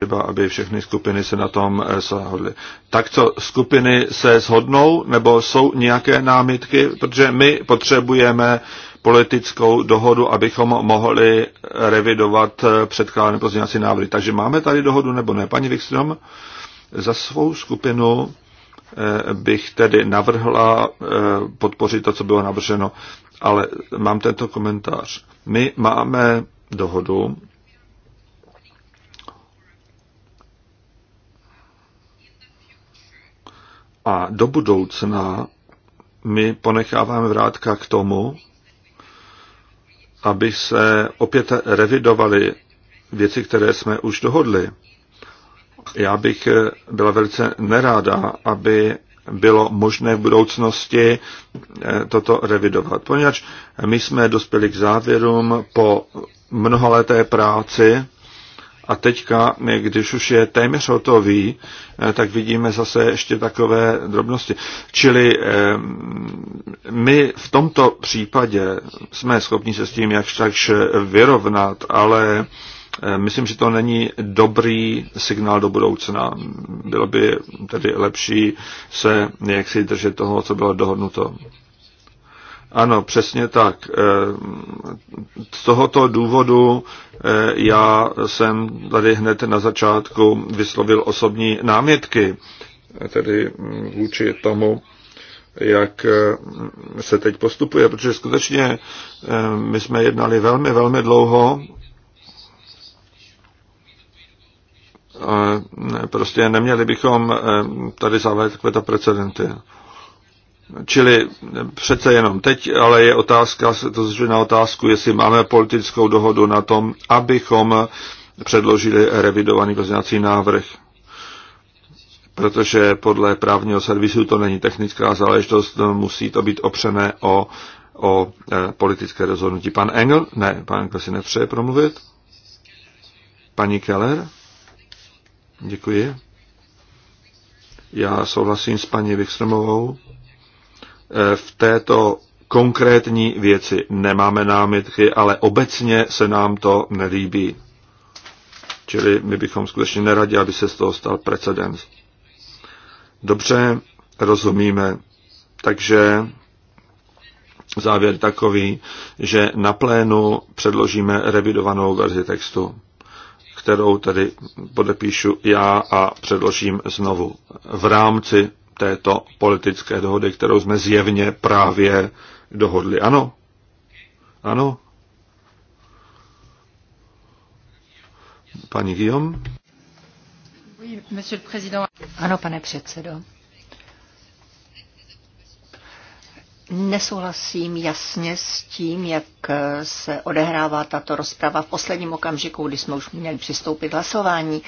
třeba, aby všechny skupiny se na tom eh, shodly. Tak co, skupiny se shodnou, nebo jsou nějaké námitky? Protože my potřebujeme politickou dohodu, abychom mohli revidovat eh, předkládané pozměňovací návrhy. Takže máme tady dohodu, nebo ne? Paní Wikström, za svou skupinu eh, bych tedy navrhla podpořit to, co bylo navrženo. Ale mám tento komentář. My máme dohodu, A do budoucna my ponecháváme vrátka k tomu, aby se opět revidovaly věci, které jsme už dohodli. Já bych byla velice neráda, aby bylo možné v budoucnosti eh, toto revidovat. Poněvadž my jsme dospěli k závěrům po mnohaleté práci a teďka, když už je téměř hotový, eh, tak vidíme zase ještě takové drobnosti. Čili eh, my v tomto případě jsme schopni se s tím jakž takž vyrovnat, ale eh, myslím, že to není dobrý signál do budoucna. Bylo by tedy lepší se jaksi držet toho, co bylo dohodnuto. Ano, přesně tak. Eh, z tohoto důvodu eh, já jsem tady hned na začátku vyslovil osobní námětky, eh, tedy vůči tomu, jak se teď postupuje, protože skutečně my jsme jednali velmi, velmi dlouho. Prostě neměli bychom tady zavést takovéto precedenty. Čili přece jenom teď, ale je otázka, to je na otázku, jestli máme politickou dohodu na tom, abychom předložili revidovaný pozměňovací návrh. Protože podle právního servisu to není technická záležitost, musí to být opřené o, o e, politické rozhodnutí. Pan Engel? Ne, pan Engel si nepřeje promluvit. Paní Keller? Děkuji. Já souhlasím s paní Vikstromovou. E, v této konkrétní věci nemáme námitky, ale obecně se nám to nelíbí. Čili my bychom skutečně neradi, aby se z toho stal precedens. Dobře, rozumíme. Takže závěr takový, že na plénu předložíme revidovanou verzi textu, kterou tedy podepíšu já a předložím znovu v rámci této politické dohody, kterou jsme zjevně právě dohodli. Ano? Ano? Pani Guillaum? Ano, pane předsedo. Nesouhlasím jasně s tím, jak se odehrává tato rozprava v posledním okamžiku, kdy jsme už měli přistoupit hlasování.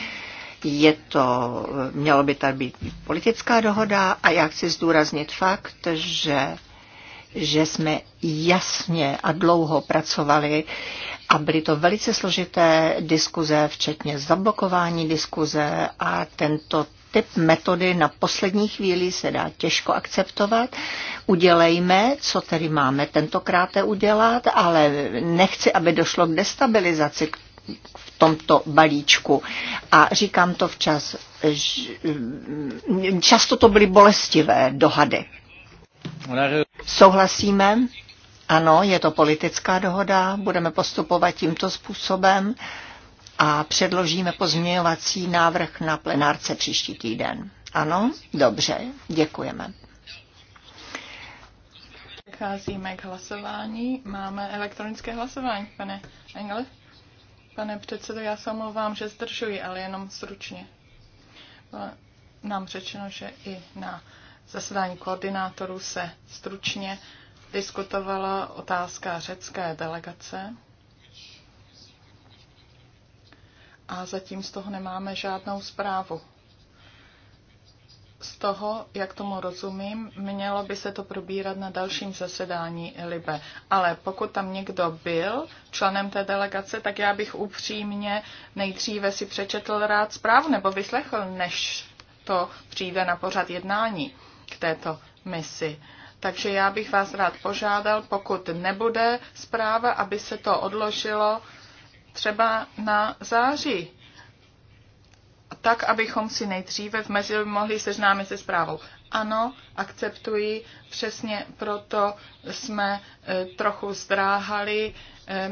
Je to, mělo by tady být politická dohoda a já chci zdůraznit fakt, že že jsme jasně a dlouho pracovali a byly to velice složité diskuze, včetně zablokování diskuze a tento typ metody na poslední chvíli se dá těžko akceptovat. Udělejme, co tedy máme tentokrát udělat, ale nechci, aby došlo k destabilizaci, k v tomto balíčku. A říkám to včas, často to byly bolestivé dohady. Souhlasíme? Ano, je to politická dohoda, budeme postupovat tímto způsobem a předložíme pozměňovací návrh na plenárce příští týden. Ano, dobře, děkujeme. Přecházíme k hlasování. Máme elektronické hlasování, pane Engel. Pane předsedo, já se omlouvám, že zdržuji, ale jenom stručně. nám řečeno, že i na zasedání koordinátorů se stručně diskutovala otázka řecké delegace. A zatím z toho nemáme žádnou zprávu z toho, jak tomu rozumím, mělo by se to probírat na dalším zasedání Libe. Ale pokud tam někdo byl členem té delegace, tak já bych upřímně nejdříve si přečetl rád zprávu nebo vyslechl, než to přijde na pořad jednání k této misi. Takže já bych vás rád požádal, pokud nebude zpráva, aby se to odložilo třeba na září tak abychom si nejdříve v mezi mohli seznámit se zprávou. Ano, akceptuji, přesně proto jsme e, trochu zdráhali e,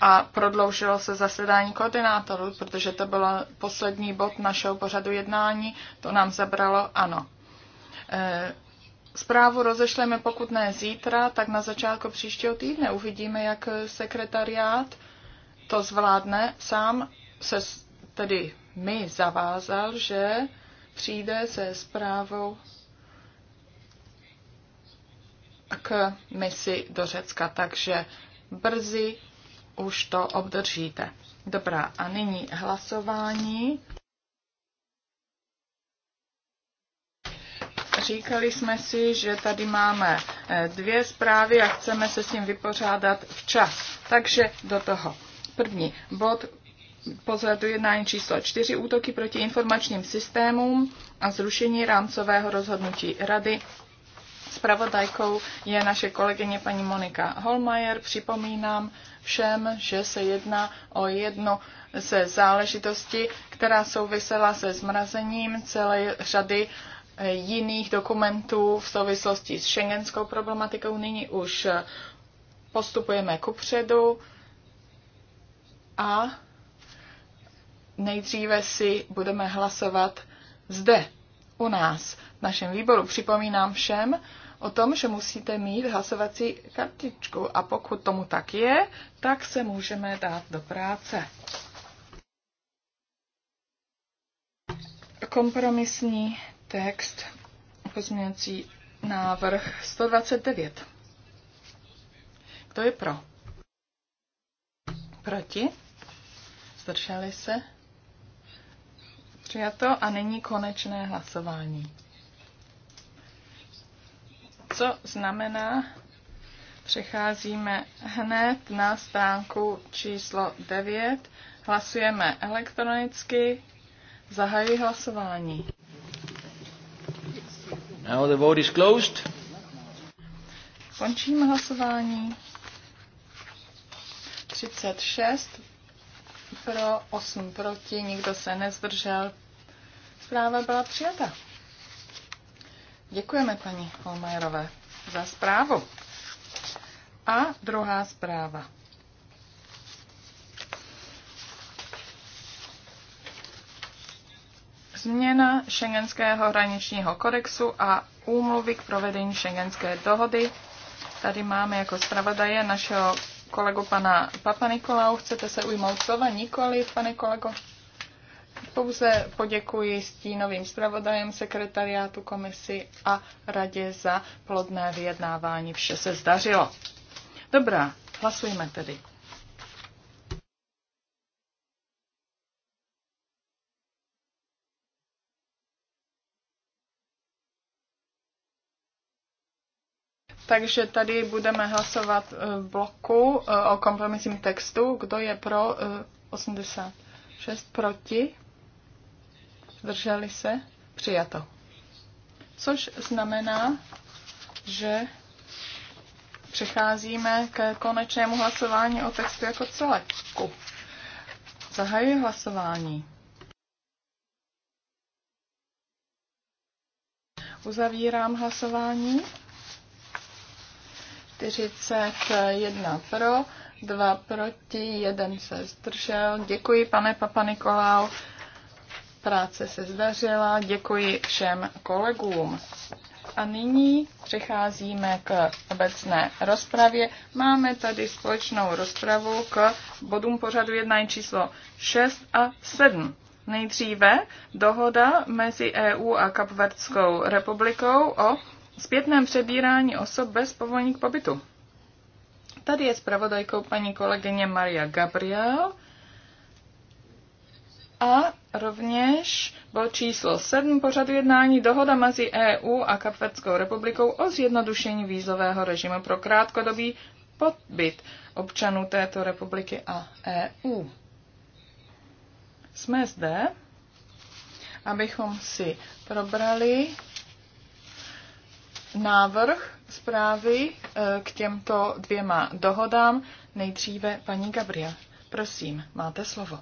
a prodloužilo se zasedání koordinátorů, protože to byl poslední bod našeho pořadu jednání, to nám zabralo ano. E, zprávu rozešleme pokud ne zítra, tak na začátku příštího týdne uvidíme, jak sekretariát to zvládne sám se tedy mi zavázal, že přijde se zprávou k misi do Řecka, takže brzy už to obdržíte. Dobrá, a nyní hlasování. Říkali jsme si, že tady máme eh, dvě zprávy a chceme se s tím vypořádat včas. Takže do toho. První bod pořadu jednání číslo 4 útoky proti informačním systémům a zrušení rámcového rozhodnutí Rady. Spravodajkou je naše kolegyně paní Monika Holmajer. Připomínám všem, že se jedná o jedno ze záležitostí, která souvisela se zmrazením celé řady eh, jiných dokumentů v souvislosti s šengenskou problematikou. Nyní už postupujeme předu. a nejdříve si budeme hlasovat zde, u nás, v našem výboru. Připomínám všem o tom, že musíte mít hlasovací kartičku a pokud tomu tak je, tak se můžeme dát do práce. Kompromisní text, pozměňující návrh 129. Kdo je pro? Proti? Zdrželi se? Přijato a není konečné hlasování. Co znamená, přecházíme hned na stránku číslo 9, hlasujeme elektronicky, zahajuji hlasování. Now the vote is closed. Končím hlasování. 36 pro, 8 proti, nikdo se nezdržel, zpráva byla přijata. Děkujeme paní Holmajerové za zprávu. A druhá zpráva. Změna šengenského hraničního kodexu a úmluvy k provedení šengenské dohody. Tady máme jako zpravodaje našeho kolegu pana Papa Nikolau. Chcete se ujmout slova? Nikoli, pane kolego pouze poděkuji stínovým zpravodajem sekretariátu komisi a radě za plodné vyjednávání. Vše se zdařilo. Dobrá, hlasujeme tedy. Takže tady budeme hlasovat eh, v bloku eh, o kompromisním textu. Kdo je pro 86 eh, proti? zdrželi se, přijato. Což znamená, že přecházíme k konečnému hlasování o textu jako celku. Zahajuji hlasování. Uzavírám hlasování. 41 pro, 2 proti, 1 se zdržel. Děkuji, pane Papa Nikolau. Práce se zdařila, děkuji všem kolegům. A nyní přecházíme k obecné rozpravě. Máme tady společnou rozpravu k bodům pořadu jednání číslo 6 a 7. Nejdříve dohoda mezi EU a Kapverdskou republikou o zpětném přebírání osob bez povolení k pobytu. Tady je zpravodajkou paní kolegyně Maria Gabriel. A rovněž bod číslo 7 pořadu jednání dohoda mezi EU a Kapvetskou republikou o zjednodušení vízového režimu pro krátkodobý podbyt občanů této republiky a EU. Jsme zde, abychom si probrali návrh zprávy e, k těmto dvěma dohodám. Nejdříve paní Gabriel. Prosím, máte slovo.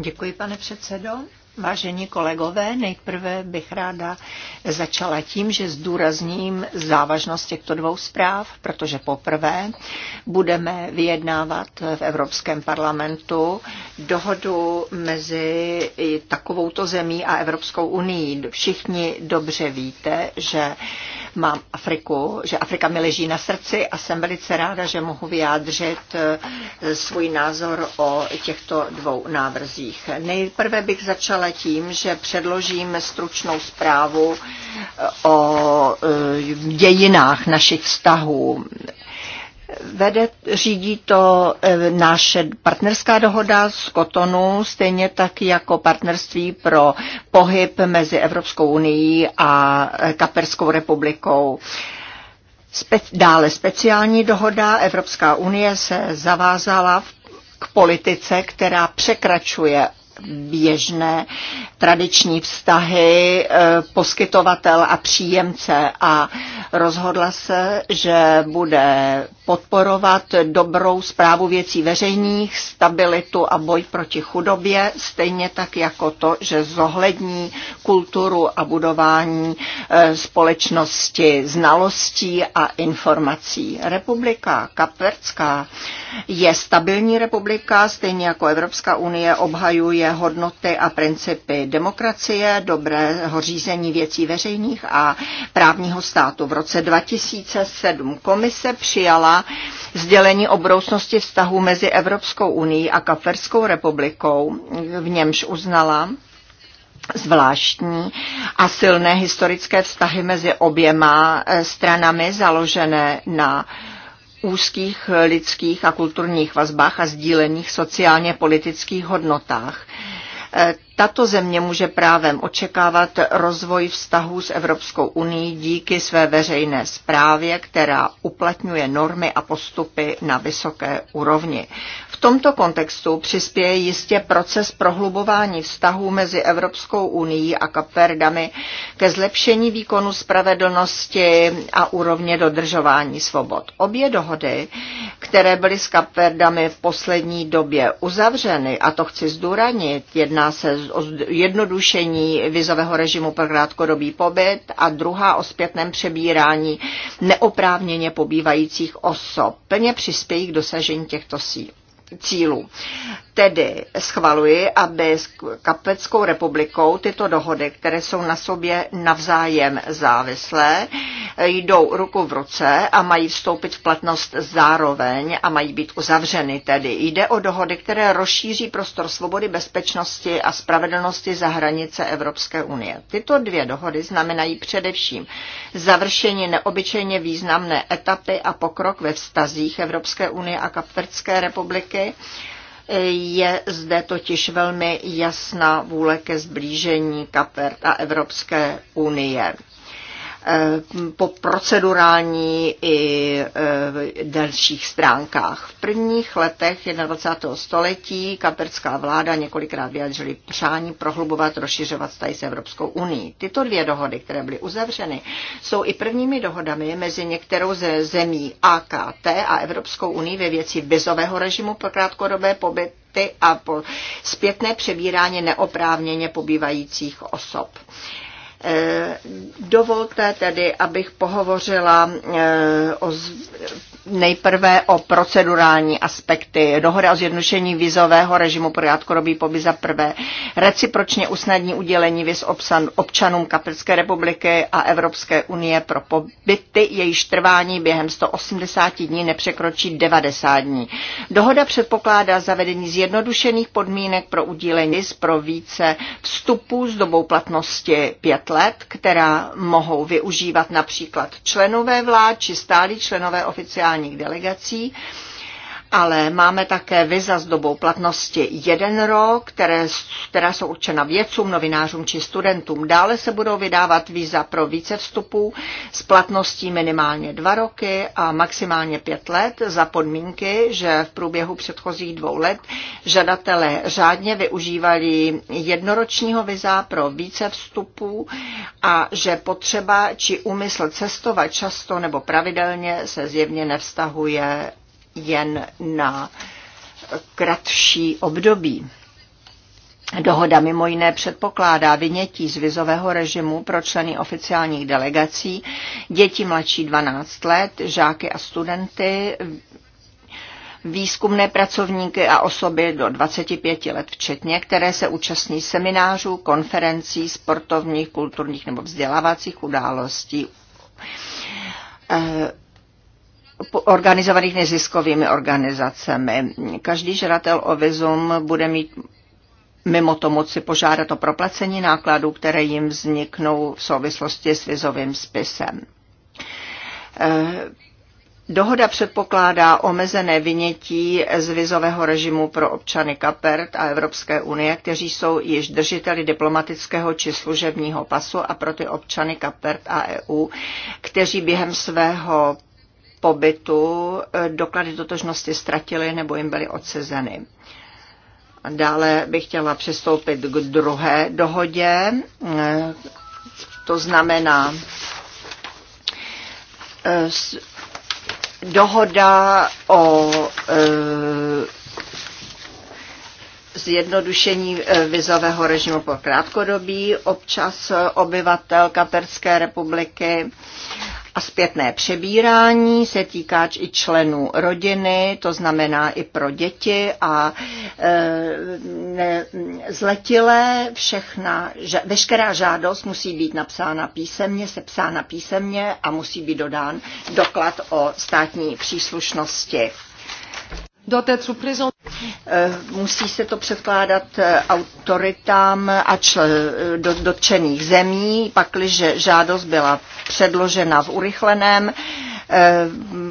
Děkuji, pane předsedající Vážení kolegové, nejprve bych ráda začala tím, že zdůrazním závažnost těchto dvou zpráv, protože poprvé budeme vyjednávat v Evropském parlamentu dohodu mezi takovouto zemí a Evropskou unii. Všichni dobře víte, že mám Afriku, že Afrika mi leží na srdci a jsem velice ráda, že mohu vyjádřit eh, svůj názor o těchto dvou návrzích. Nejprve bych začala tím, že předložím stručnou zprávu eh, o eh, dějinách našich vztahů Vede, řídí to e, naše partnerská dohoda z Kotonu, stejně tak jako partnerství pro pohyb mezi Evropskou unii a Kaperskou republikou. Spe, dále speciální dohoda Evropská unie se zavázala v k politice, která překračuje běžné tradiční vztahy eh, poskytovatel a příjemce a rozhodla se, že bude podporovat dobrou zprávu věcí veřejných, stabilitu a boj proti chudobě, stejně tak jako to, že zohlední kulturu a budování eh, společnosti znalostí a informací. Republika Kapverdská je stabilní republika, stejně jako Evropská unie obhajuje je hodnoty a principy demokracie, dobrého řízení věcí veřejných a právního státu. V roce 2007 komise přijala sdělení o budoucnosti vztahu mezi Evropskou unii a Kaferskou republikou, v němž uznala zvláštní a silné historické vztahy mezi oběma eh, stranami založené na uh, úzkých lidských a kulturních vazbách a sdílených sociálně politických hodnotách. Eh, tato země může právem očekávat rozvoj vztahů s Evropskou unii díky své veřejné správě, která uplatňuje normy a postupy na vysoké úrovni. V tomto kontextu přispěje jistě proces prohlubování vztahů mezi Evropskou unii a Kapverdami ke zlepšení výkonu spravedlnosti a úrovně dodržování svobod. Obě dohody, které byly s Kapverdami v poslední době uzavřeny, a to chci zdůranit, jedná se jednodušení vizového režimu pro krátkodobý pobyt a druhá o zpětném přebírání neoprávněně pobývajících osob. Plně přispějí k dosažení těchto síl cílů. Tedy schvaluji, aby s Kapeckou republikou tyto dohody, které jsou na sobě navzájem závislé, jdou ruku v ruce a mají vstoupit v platnost zároveň a mají být uzavřeny. Tedy jde o dohody, které rozšíří prostor svobody, bezpečnosti a spravedlnosti za hranice Evropské unie. Tyto dvě dohody znamenají především završení neobyčejně významné etapy a pokrok ve vztazích Evropské unie a Kapverské republiky, je zde totiž velmi jasná vůle ke zblížení Kapverd a Evropské unie. Eh, po procedurální i eh, dalších stránkách. V prvních letech 21. století kaperská vláda několikrát vyjadřili přání prohlubovat, rozšiřovat vztahy s Evropskou unii. Tyto dvě dohody, které byly uzavřeny, jsou i prvními dohodami mezi některou ze zemí AKT a Evropskou unii ve věci vizového režimu pro krátkodobé pobyt a po zpětné přebírání neoprávněně pobývajících osob. Eh, dovolte tedy, abych pohovořila eh, o nejprve o procedurální aspekty. Dohoda o zjednodušení vizového režimu pro krátkodobý pobyt za prvé. Recipročně usnadní udělení viz občanům Kaprské republiky a Evropské unie pro pobyty, jejíž trvání během 180 dní nepřekročí 90 dní. Dohoda předpokládá zavedení zjednodušených podmínek pro udělení viz pro více vstupů s dobou platnosti 5 pět let, která mohou využívat například členové vlád či stálí členové oficiálních delegací ale máme také viza s dobou platnosti jeden rok, které, která jsou určena vědcům, novinářům či studentům. Dále se budou vydávat víza pro více vstupů s platností minimálně dva roky a maximálně pět let za podmínky, že v průběhu předchozích dvou let žadatelé řádně využívali jednoročního viza pro více vstupů a že potřeba či úmysl cestovat často nebo pravidelně se zjevně nevztahuje jen na kratší období. Dohoda mimo jiné předpokládá vynětí z vizového režimu pro členy oficiálních delegací, děti mladší 12 let, žáky a studenty, výzkumné pracovníky a osoby do 25 let včetně, které se účastní seminářů, konferencí, sportovních, kulturních nebo vzdělávacích událostí eh, organizovaných neziskovými organizacemi. Každý žadatel o vizum bude mít mimo to moci požádat o proplacení nákladů, které jim vzniknou v souvislosti s vizovým spisem. Eh, dohoda předpokládá omezené vynětí z vizového režimu pro občany Kapert a Evropské unie, kteří jsou již držiteli diplomatického či služebního pasu a pro ty občany Kapert a EU, kteří během svého pobytu eh, doklady totožnosti ztratili nebo jim byly odsezeny. Dále bych chtěla přistoupit k druhé dohodě. Eh, to znamená eh, dohoda o zjednodušení vizového režimu pro krátkodobí občas obyvatel Katerské republiky a zpětné přebírání se týká i členů rodiny, to znamená i pro děti a e, zletilé všechna, veškerá žádost musí být napsána písemně, sepsána písemně a musí být dodán doklad o státní příslušnosti. Eh, musí se to předkládat eh, autoritám a čl- eh, do- dotčených zemí, pakliže žádost byla předložena v urychleném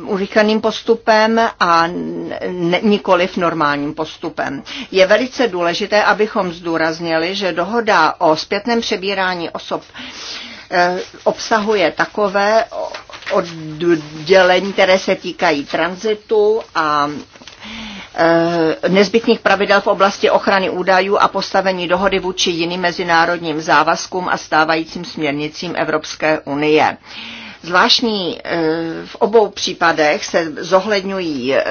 urychleným postupem a nikoli v normálním postupem. Je velice důležité, abychom zdůraznili, že dohoda o zpětném přebírání osob obsahuje takové oddělení, které se týkají tranzitu a Eh, nezbytných pravidel v oblasti ochrany údajů a postavení dohody vůči jiným mezinárodním závazkům a stávajícím směrnicím Evropské unie. Zvláštní eh, v obou případech se zohledňují eh,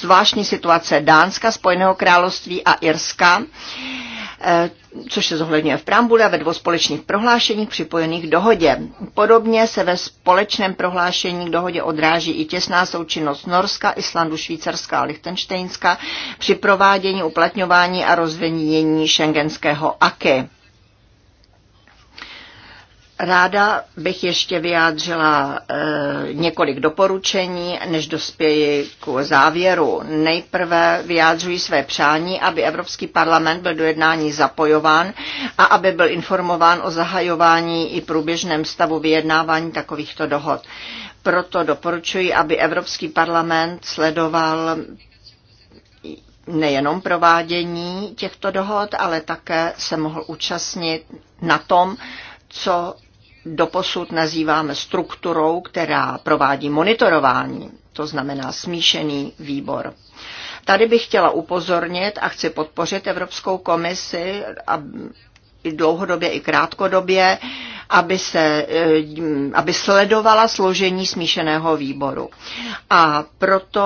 zvláštní situace Dánska, Spojeného království a Irska Eh, což se zohledňuje v preambule a ve dvou společných prohlášeních připojených k dohodě. Podobně se ve společném prohlášení k dohodě odráží i těsná součinnost Norska, Islandu, Švýcarska a Lichtenštejnska při provádění, uplatňování a rozvinění šengenského AKE. Ráda bych ještě vyjádřila e, několik doporučení, než dospěji k závěru. Nejprve vyjádřuji své přání, aby Evropský parlament byl do jednání zapojován a aby byl informován o zahajování i průběžném stavu vyjednávání takovýchto dohod. Proto doporučuji, aby Evropský parlament sledoval nejenom provádění těchto dohod, ale také se mohl účastnit na tom, co doposud nazýváme strukturou, která provádí monitorování, to znamená smíšený výbor. Tady bych chtěla upozornit a chci podpořit Evropskou komisi, i dlouhodobě, i krátkodobě, aby, se, eh, aby sledovala složení smíšeného výboru. A proto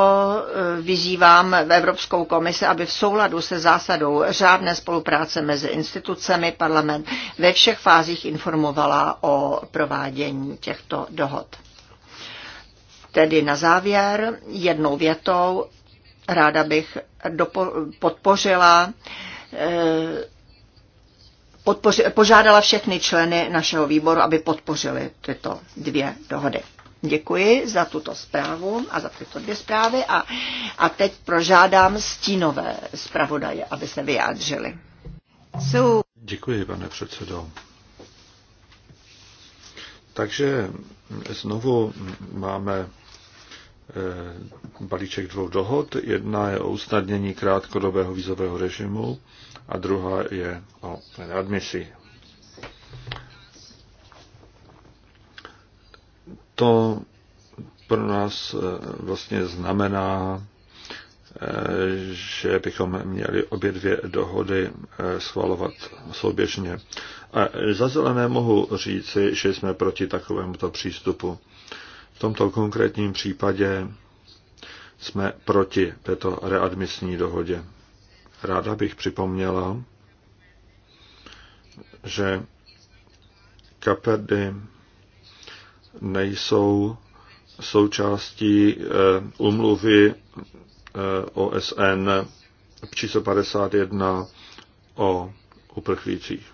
eh, vyzývám v Evropskou komisi, aby v souladu se zásadou řádné spolupráce mezi institucemi parlament ve všech fázích informovala o provádění těchto dohod. Tedy na závěr jednou větou ráda bych dopo- podpořila eh, podpoři, požádala všechny členy našeho výboru, aby podpořili tyto dvě dohody. Děkuji za tuto zprávu a za tyto dvě zprávy a, a teď prožádám stínové zpravodaje, aby se vyjádřili. Jsou... Děkuji, pane předsedo. Takže znovu máme eh, balíček dvou dohod. Jedna je o usnadnění krátkodobého vízového režimu a druhá je o admisi. To pro nás eh, vlastně znamená, eh, že bychom měli obě dvě dohody eh, schvalovat souběžně. A za zelené mohu říci, že jsme proti takovémuto přístupu. V tomto konkrétním případě jsme proti této readmisní dohodě. Ráda bych připomněla, že kapedy nejsou součástí umluvy eh, eh, OSN číslo 51 o uprchlících.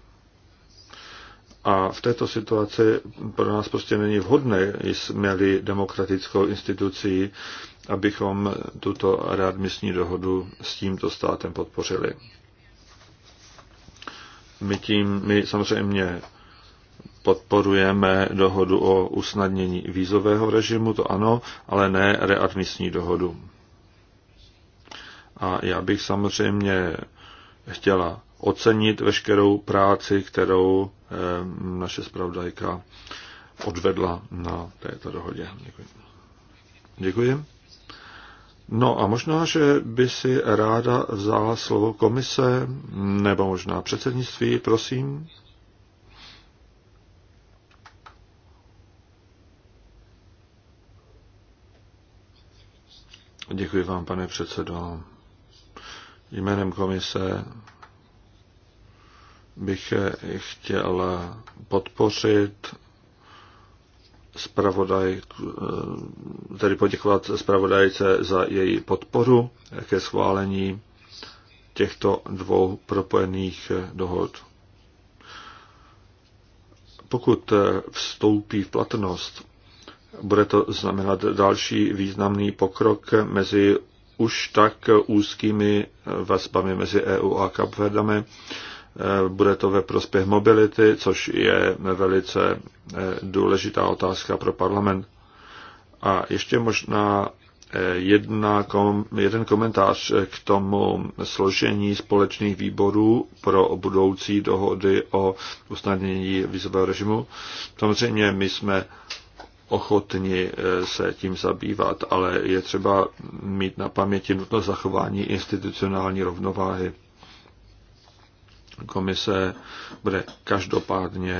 A v této situaci pro nás prostě není vhodné, jsme-li demokratickou institucí, abychom tuto readmisní dohodu s tímto státem podpořili. My tím, my samozřejmě podporujeme dohodu o usnadnění vízového režimu, to ano, ale ne readmisní dohodu. A já bych samozřejmě chtěla ocenit veškerou práci, kterou Eh, naše zpravodajka odvedla na této dohodě. Děkuji. Děkuji. No a možná, že by si ráda vzala slovo komise, nebo možná předsednictví, prosím. Děkuji vám, pane předsedo. Jménem komise bych chtěl podpořit zpravodaj, tedy poděkovat zpravodajce za její podporu ke schválení těchto dvou propojených dohod. Pokud vstoupí v platnost, bude to znamenat další významný pokrok mezi už tak úzkými vazbami mezi EU a Kapverdami, Eh, bude to ve prospěch mobility, což je velice eh, důležitá otázka pro parlament. A ještě možná eh, jedna, kom, jeden komentář k tomu složení společných výborů pro budoucí dohody o usnadnění vízového režimu. Samozřejmě my jsme ochotni se tím zabývat, ale je třeba mít na paměti nutnost zachování institucionální rovnováhy. Komise bude každopádně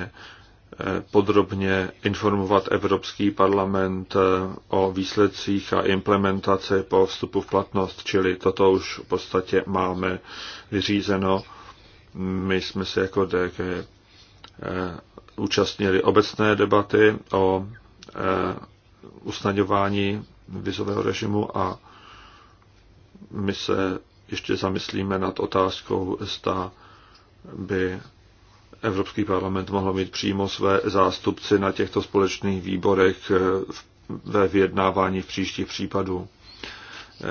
eh, podrobně informovat Evropský parlament eh, o výsledcích a implementaci po vstupu v platnost, čili toto už v podstatě máme vyřízeno. My jsme se jako DG eh, účastnili obecné debaty o usnaďování vizového režimu a my se ještě zamyslíme nad otázkou, zda by Evropský parlament mohl mít přímo své zástupci na těchto společných výborech eh, ve vyjednávání v příštích případů.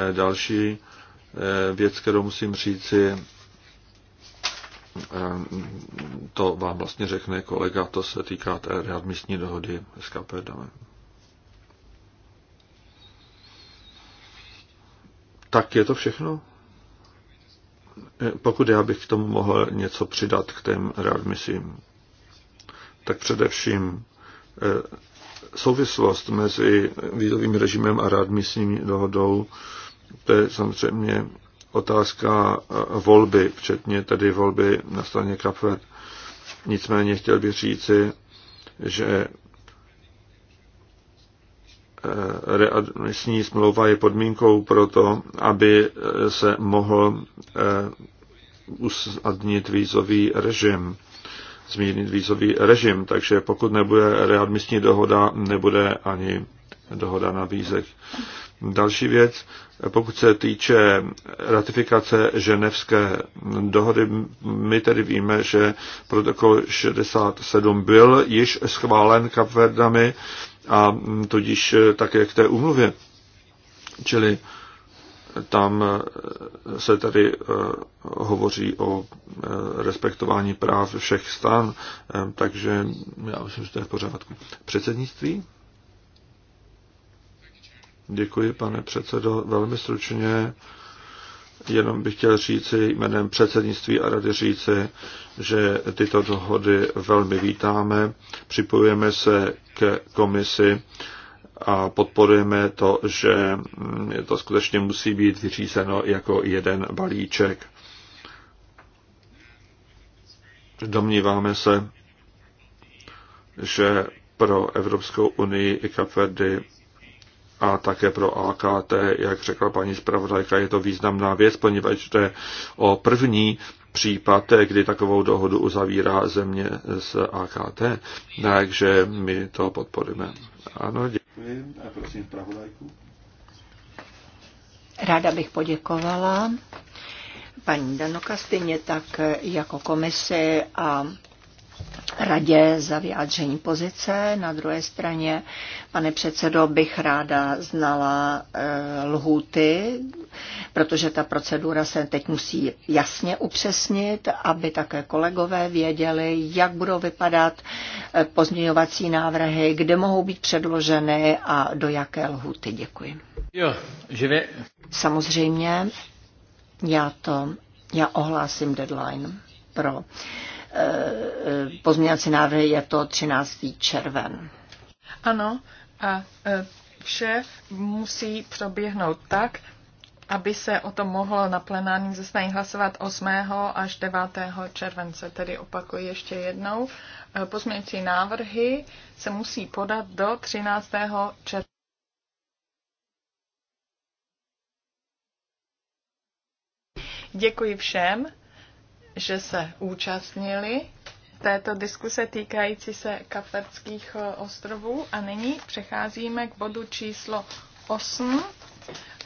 Eh, další eh, věc, kterou musím říci, to vám vlastně řekne kolega, to se týká té readmisní dohody s Kapedame. Tak je to všechno? pokud já bych k tomu mohl něco přidat k těm readmisím, tak především eh, souvislost mezi vízovým režimem a readmisní dohodou, to je samozřejmě otázka eh, volby, včetně tedy volby na straně Kapvert. Nicméně chtěl bych říci, že readmisní smlouva je podmínkou pro to, aby se mohl eh, usadnit vízový režim, zmírnit vízový režim. Takže pokud nebude readmisní dohoda, nebude ani dohoda na vízech. Další věc, pokud se týče ratifikace ženevské dohody, my tedy víme, že protokol 67 byl již schválen Kapverdami a tudíž eh, také k té umluvě. Čili tam eh, se tady eh, hovoří o respektování práv všech stran, takže já myslím, že to je v pořádku. Předsednictví? Děkuji, pane předsedo. Velmi stručně Jenom bych chtěl říci jménem předsednictví a rady říci, že tyto dohody velmi vítáme. Připojujeme se k komisi a podporujeme to, že to skutečně musí být vyřízeno jako jeden balíček. Domníváme se, že pro Evropskou unii i Kapverdy a také pro AKT, jak řekla paní zpravodajka, je to významná věc, poněvadž jde o první případ, kdy takovou dohodu uzavírá země s AKT. Takže my to podporujeme. Ano, děkuji. A prosím zpravodajku. Ráda bych poděkovala paní Danoka stejně tak jako komise a radě za vyjádření pozice. Na druhé straně, pane předsedo, bych ráda znala e, lhůty, protože ta procedura se teď musí jasně upřesnit, aby také kolegové věděli, jak budou vypadat eh, pozměňovací návrhy, kde mohou být předloženy a do jaké lhůty. Děkuji. Jo, živě. Samozřejmě, já to, já ohlásím deadline pro Eh, pozměňovací návrhy je to 13. červen. Ano, a eh, vše musí proběhnout tak, aby se o tom mohlo na plenárním zasedání hlasovat 8. až 9. července. Tedy opakuji ještě jednou. Eh, Pozměňující návrhy se musí podat do 13. července. Děkuji všem že se účastnili této diskuse týkající se Kapverských eh, ostrovů. A nyní přecházíme k bodu číslo 8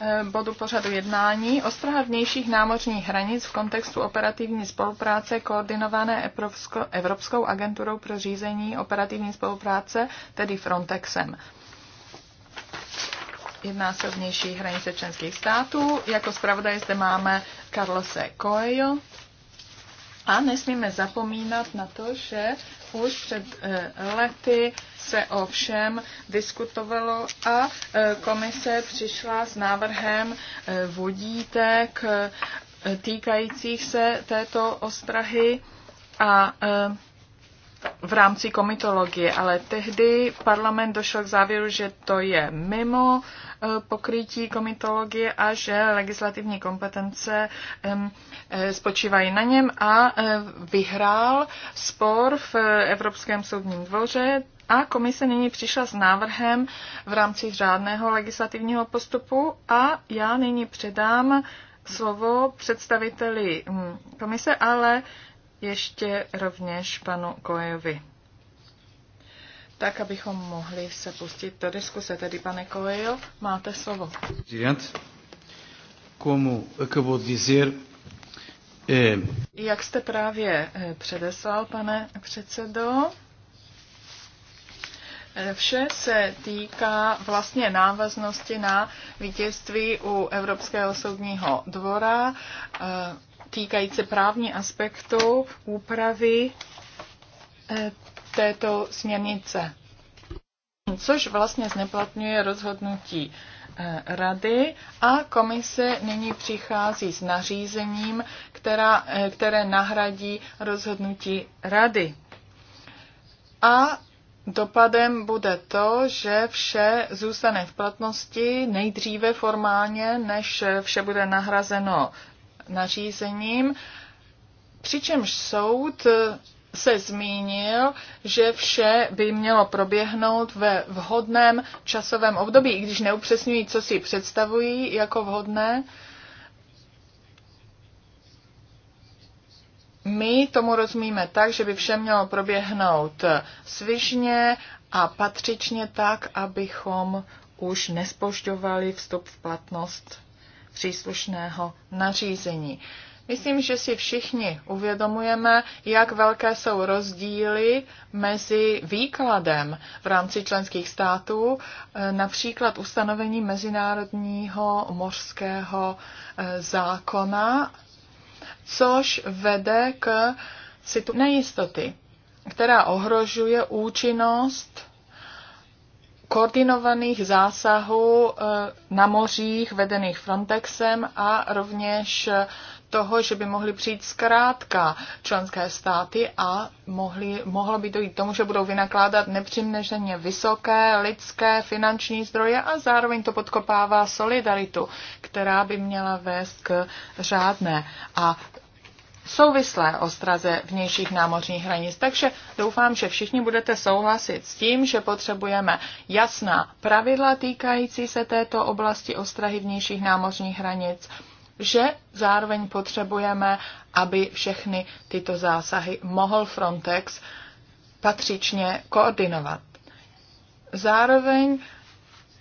eh, bodu pořadu jednání ostraha vnějších námořních hranic v kontextu operativní spolupráce koordinované Evropskou, Evropskou agenturou pro řízení operativní spolupráce, tedy Frontexem. Jedná se o vnější hranice členských států. Jako zpravodaj zde máme Carlose Coelho, a nesmíme zapomínat na to, že už před eh, lety se o všem diskutovalo a eh, komise přišla s návrhem eh, vodítek týkajících se této ostrahy a v rámci komitologie, ale tehdy parlament došel k závěru, že to je mimo eh, pokrytí komitologie a že legislativní kompetence eh, spočívají na něm a eh, vyhrál spor v Evropském soudním dvoře a komise nyní přišla s návrhem v rámci řádného legislativního postupu a já nyní předám slovo představiteli hm, komise, ale ještě rovněž panu Kojovi. Tak, abychom mohli se pustit do diskuse. Tedy, pane Coelho, máte slovo. Dřívat. Komu acabou eh, de eh, jak jste právě eh, předeslal, pane předsedo, Vše se týká vlastně návaznosti na vítězství u Evropského soudního dvora týkající se právní aspektu úpravy eh, této směrnice. Což vlastně zneplatňuje rozhodnutí eh, rady a komise nyní přichází s nařízením, která, eh, které nahradí rozhodnutí rady. A Dopadem bude to, že vše zůstane v platnosti nejdříve formálně, než vše bude nahrazeno nařízením, přičemž soud eh, se zmínil, že vše by mělo proběhnout ve vhodném časovém období, i když neupřesňují, co si představují jako vhodné. My tomu rozumíme tak, že by vše mělo proběhnout svižně a patřičně tak, abychom už nespožďovali vstup v platnost příslušného nařízení. Myslím, že si všichni uvědomujeme, jak velké jsou rozdíly mezi výkladem v rámci členských států, eh, například ustanovení Mezinárodního mořského eh, zákona, což vede k situaci nejistoty, která ohrožuje účinnost koordinovaných zásahů eh, na mořích vedených Frontexem a rovněž toho, že by mohly přijít zkrátka členské státy a mohly, mohlo by dojít tomu, že budou vynakládat nepřiměřeně vysoké lidské finanční zdroje a zároveň to podkopává solidaritu, která by měla vést k řádné a souvislé ostraze vnějších námořních hranic. Takže doufám, že všichni budete souhlasit s tím, že potřebujeme jasná pravidla týkající se této oblasti ostrahy vnějších námořních hranic, že zároveň potřebujeme, aby všechny tyto zásahy mohl Frontex patřičně koordinovat. Zároveň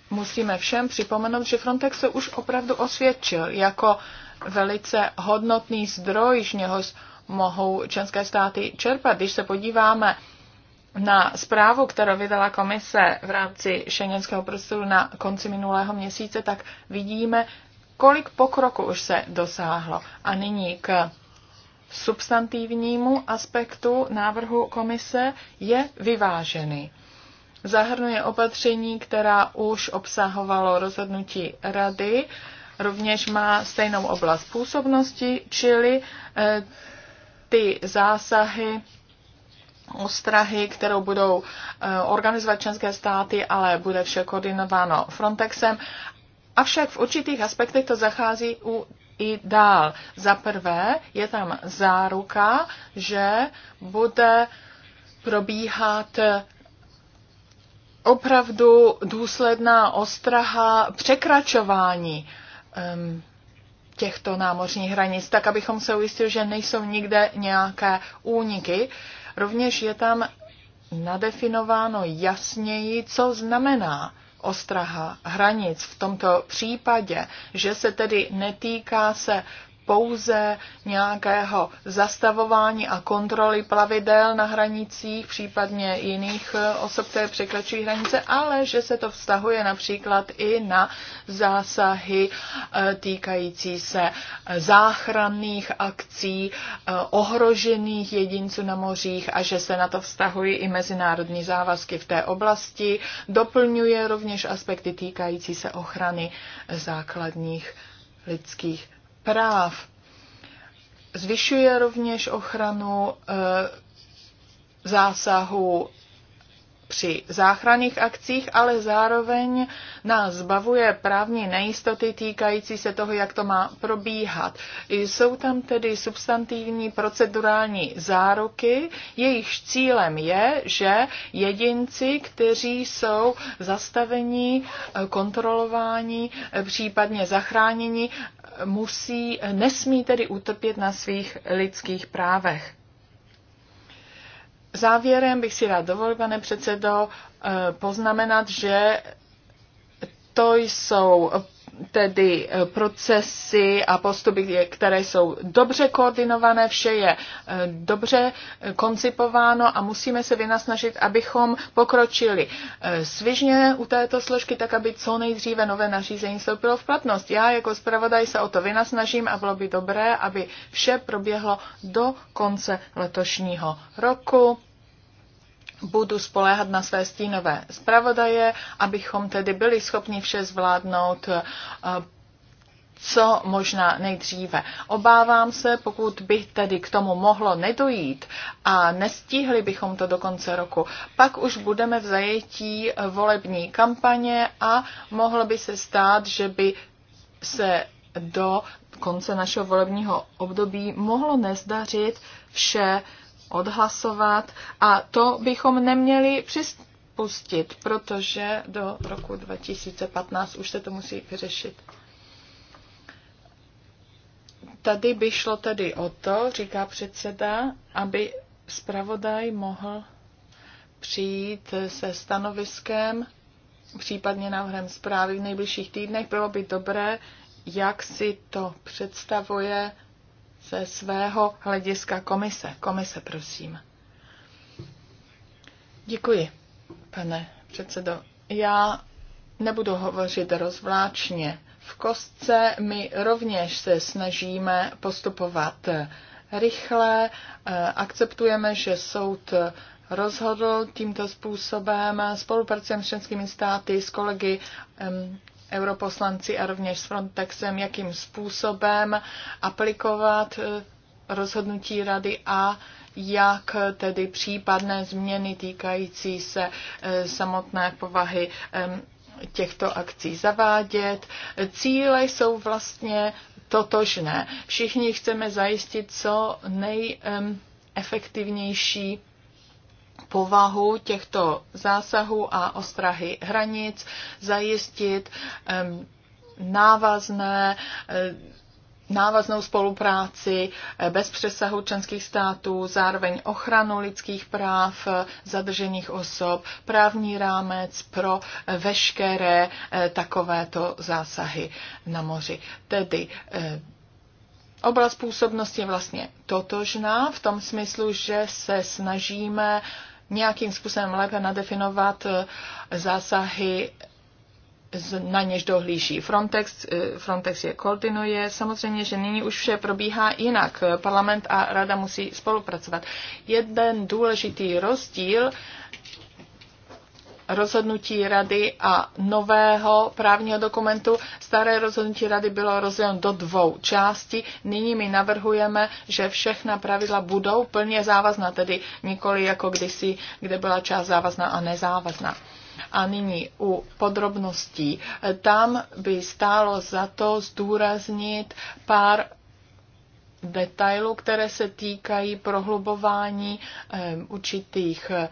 musíme všem připomenout, že Frontex se už opravdu osvědčil jako velice hodnotný zdroj, z něhož mohou členské státy čerpat. Když se podíváme na zprávu, kterou vydala komise v rámci šengenského prostoru na konci minulého měsíce, tak vidíme, kolik pokroku už se dosáhlo. A nyní k substantivnímu aspektu návrhu komise je vyvážený. Zahrnuje opatření, která už obsahovalo rozhodnutí rady, rovněž má stejnou oblast působnosti, čili eh, ty zásahy ostrahy, kterou budou eh, organizovat členské státy, ale bude vše koordinováno Frontexem. Avšak v určitých aspektech to zachází u i dál. Za prvé je tam záruka, že bude probíhat eh, opravdu důsledná ostraha překračování um, těchto námořních hranic, tak abychom se ujistili, že nejsou nikde nějaké úniky. Rovněž je tam nadefinováno jasněji, co znamená ostraha hranic v tomto případě, že se tedy netýká se pouze nějakého zastavování a kontroly plavidel na hranicích, případně jiných eh, osob, které překračují hranice, ale že se to vztahuje například i na zásahy eh, týkající se eh, záchranných akcí ohrožených jedinců na mořích a že se na to vztahují i mezinárodní závazky v té oblasti. Doplňuje rovněž aspekty týkající se ochrany základních lidských práv. Zvyšuje rovněž ochranu eh, zásahu při záchranných akcích, ale zároveň nás zbavuje právní nejistoty týkající se toho, jak to má probíhat. Jsou tam tedy substantivní procedurální záruky, jejichž cílem je, že jedinci, kteří jsou zastaveni, eh, kontrolováni, eh, případně zachráněni, musí, nesmí tedy utrpět na svých lidských právech. Závěrem bych si rád dovolil, pane předsedo, eh, poznamenat, že to jsou tedy eh, procesy a postupy, které jsou dobře koordinované, vše je eh, dobře eh, koncipováno a musíme se vynasnažit, abychom pokročili svižně u této složky, tak aby co nejdříve nové nařízení vstoupilo v platnost. Já jako zpravodaj se o to vynasnažím a bylo by dobré, aby vše proběhlo do konce letošního roku budu spoléhat na své stínové zpravodaje, abychom tedy byli schopni vše zvládnout eh, co možná nejdříve. Obávám se, pokud by tedy k tomu mohlo nedojít a nestihli bychom to do konce roku, pak už budeme v zajetí volební kampaně a mohlo by se stát, že by se do konce našeho volebního období mohlo nezdařit vše odhlasovat a to bychom neměli přispustit, protože do roku 2015 už se to musí vyřešit. Tady by šlo tedy o to, říká předseda, aby zpravodaj mohl přijít se stanoviskem, případně návrhem zprávy v nejbližších týdnech. Bylo by dobré, jak si to představuje ze svého hlediska komise. Komise, prosím. Děkuji, pane předsedo. Já nebudu hovořit rozvláčně. V kostce my rovněž se snažíme postupovat rychle. Akceptujeme, že soud rozhodl tímto způsobem. Spolupracujeme s členskými státy, s kolegy europoslanci a rovněž s Frontexem, jakým způsobem aplikovat eh, rozhodnutí rady a jak tedy případné změny týkající se eh, samotné povahy těchto akcí zavádět. Cíle jsou vlastně totožné. Všichni chceme zajistit co nejefektivnější povahu těchto zásahů a ostrahy hranic, zajistit návazné návaznou spolupráci eh, bez přesahu členských států, zároveň ochranu lidských práv eh, zadržených osob, právní rámec pro eh, veškeré takovéto zásahy na moři. Tedy oblast působnosti je vlastně totožná v tom smyslu, že se snažíme nějakým způsobem lépe nadefinovat eh, zásahy na něž dohlíží Frontex, eh, Frontex je koordinuje. Samozřejmě, že nyní už vše probíhá jinak. Parlament a rada musí spolupracovat. Jeden důležitý rozdíl rozhodnutí rady a nového právního dokumentu. Staré rozhodnutí rady bylo rozděleno do dvou částí. Nyní my navrhujeme, že všechna pravidla budou plně závazná, tedy nikoli jako kdysi, kde byla část závazná a nezávazná. A nyní u podrobností. Tam by stálo za to zdůraznit pár detailů, které se týkají prohlubování eh, určitých eh,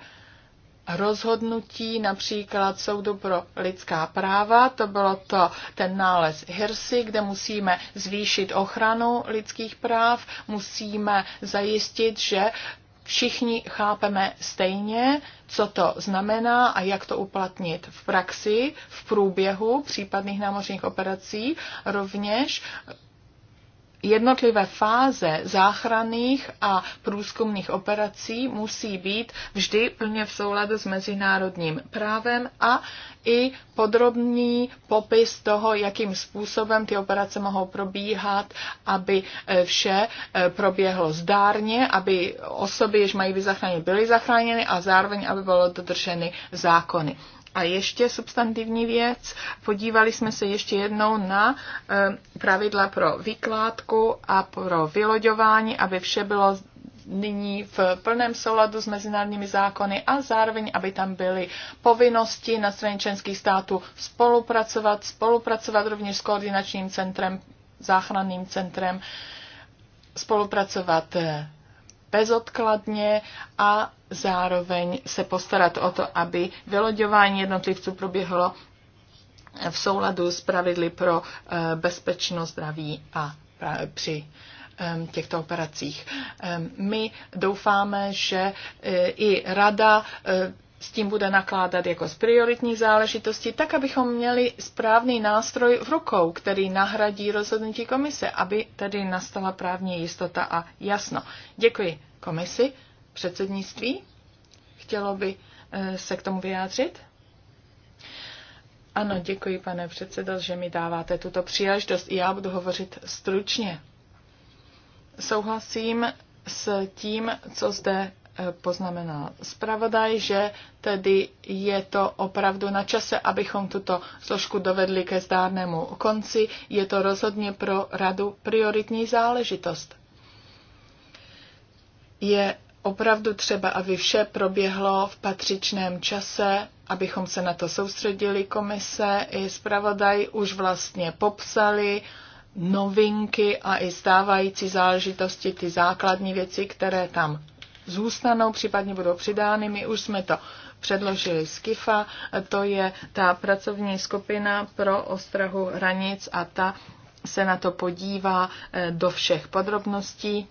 rozhodnutí například Soudu pro lidská práva, to bylo to ten nález Hirsi, kde musíme zvýšit ochranu lidských práv, musíme zajistit, že všichni chápeme stejně, co to znamená a jak to uplatnit v praxi, v průběhu případných námořních operací, rovněž jednotlivé fáze záchranných a průzkumných operací musí být vždy plně v souladu s mezinárodním právem a i podrobný popis toho, jakým způsobem ty operace mohou probíhat, aby eh, vše eh, proběhlo zdárně, aby osoby, jež mají být zachráněny, byly zachráněny a zároveň, aby bylo dodrženy zákony. A ještě substantivní věc, podívali jsme se ještě jednou na eh, pravidla pro vykládku a pro vyloďování, aby vše bylo nyní v plném souladu s mezinárodními zákony a zároveň, aby tam byly povinnosti na straně členských států spolupracovat, spolupracovat rovněž s koordinačním centrem, záchranným centrem, spolupracovat eh, bezodkladně a zároveň se postarat o to, aby vyloďování jednotlivců proběhlo v souladu s pravidly pro eh, bezpečnost zdraví a eh, při ehm, těchto operacích. Ehm, my doufáme, že eh, i rada s tím bude nakládat jako s prioritní záležitostí, tak abychom měli správný nástroj v rukou, který nahradí rozhodnutí komise, aby tedy nastala právní jistota a jasno. Děkuji komisi, předsednictví. Chtělo by eh, se k tomu vyjádřit? Ano, děkuji, pane předsedo, že mi dáváte tuto příležitost. Já budu hovořit stručně. Souhlasím s tím, co zde poznamenal spravodaj, že tedy je to opravdu na čase, abychom tuto složku dovedli ke zdárnému konci. Je to rozhodně pro radu prioritní záležitost. Je opravdu třeba, aby vše proběhlo v patřičném čase, abychom se na to soustředili. Komise i zpravodaj už vlastně popsali novinky a i stávající záležitosti, ty základní věci, které tam zůstanou, případně budou přidány. My už jsme to předložili z KIFA, to je ta pracovní skupina pro ostrahu hranic a ta se na to podívá eh, do všech podrobností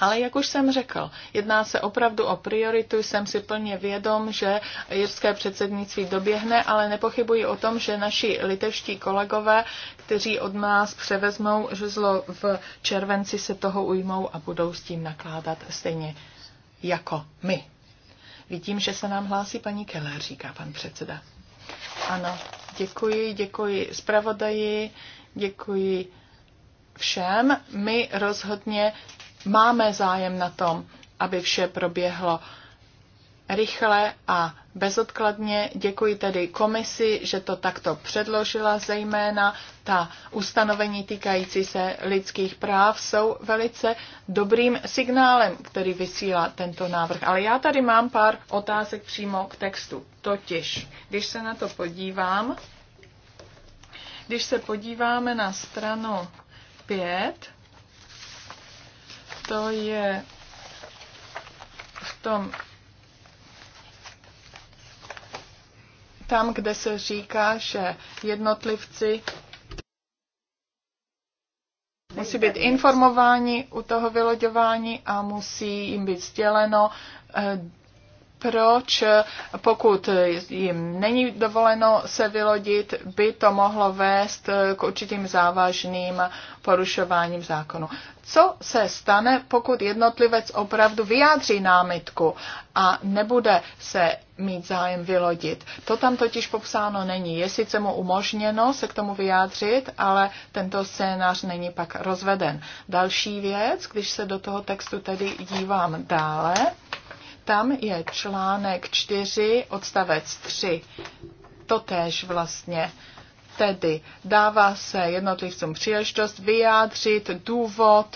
ale jak už jsem řekl, jedná se opravdu o prioritu, jsem si plně vědom, že jirské předsednictví doběhne, ale nepochybuji o tom, že naši litevští kolegové, kteří od nás převezmou žezlo v červenci, se toho ujmou a budou s tím nakládat stejně jako my. Vidím, že se nám hlásí paní Keller, říká pan předseda. Ano, děkuji, děkuji zpravodaji, děkuji všem. My rozhodně Máme zájem na tom, aby vše proběhlo rychle a bezodkladně. Děkuji tedy komisi, že to takto předložila, zejména ta ustanovení týkající se lidských práv jsou velice dobrým signálem, který vysílá tento návrh. Ale já tady mám pár otázek přímo k textu. Totiž, když se na to podívám, když se podíváme na stranu 5, to je v tom tam, kde se říká, že jednotlivci musí být informováni u toho vyloďování a musí jim být sděleno, eh, proč, pokud jim není dovoleno se vylodit, by to mohlo vést k určitým závažným porušováním zákonu. Co se stane, pokud jednotlivec opravdu vyjádří námitku a nebude se mít zájem vylodit? To tam totiž popsáno není. Je sice mu umožněno se k tomu vyjádřit, ale tento scénář není pak rozveden. Další věc, když se do toho textu tedy dívám dále, tam je článek 4, odstavec 3. Totéž vlastně. Tedy dává se jednotlivcům příležitost vyjádřit důvod.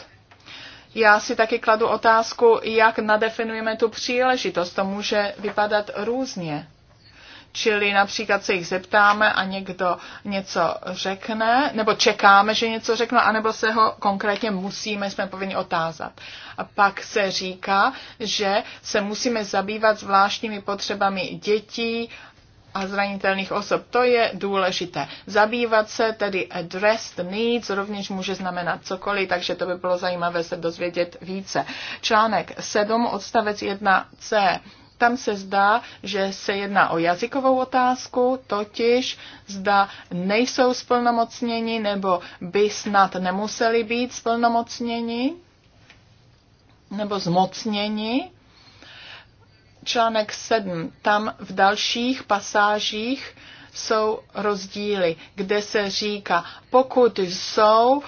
Já si taky kladu otázku, jak nadefinujeme tu příležitost. To může vypadat různě. Čili například se jich zeptáme a někdo něco řekne, nebo čekáme, že něco řekne, anebo se ho konkrétně musíme, jsme povinni otázat. A pak se říká, že se musíme zabývat zvláštními potřebami dětí, a zranitelných osob. To je důležité. Zabývat se tedy addressed needs rovněž může znamenat cokoliv, takže to by bylo zajímavé se dozvědět více. Článek 7 odstavec 1c tam se zdá, že se jedná o jazykovou otázku, totiž zda nejsou splnomocněni nebo by snad nemuseli být splnomocněni nebo zmocněni. Článek 7. Tam v dalších pasážích jsou rozdíly, kde se říká, pokud jsou eh,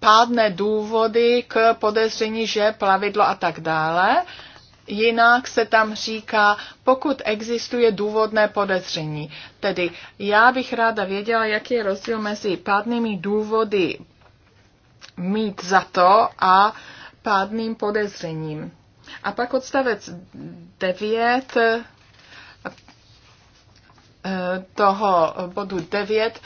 pádné důvody k podezření, že plavidlo a tak dále, Jinak se tam říká, pokud existuje důvodné podezření. Tedy já bych ráda věděla, jaký je rozdíl mezi pádnými důvody mít za to a pádným podezřením. A pak odstavec 9 eh, toho bodu 9,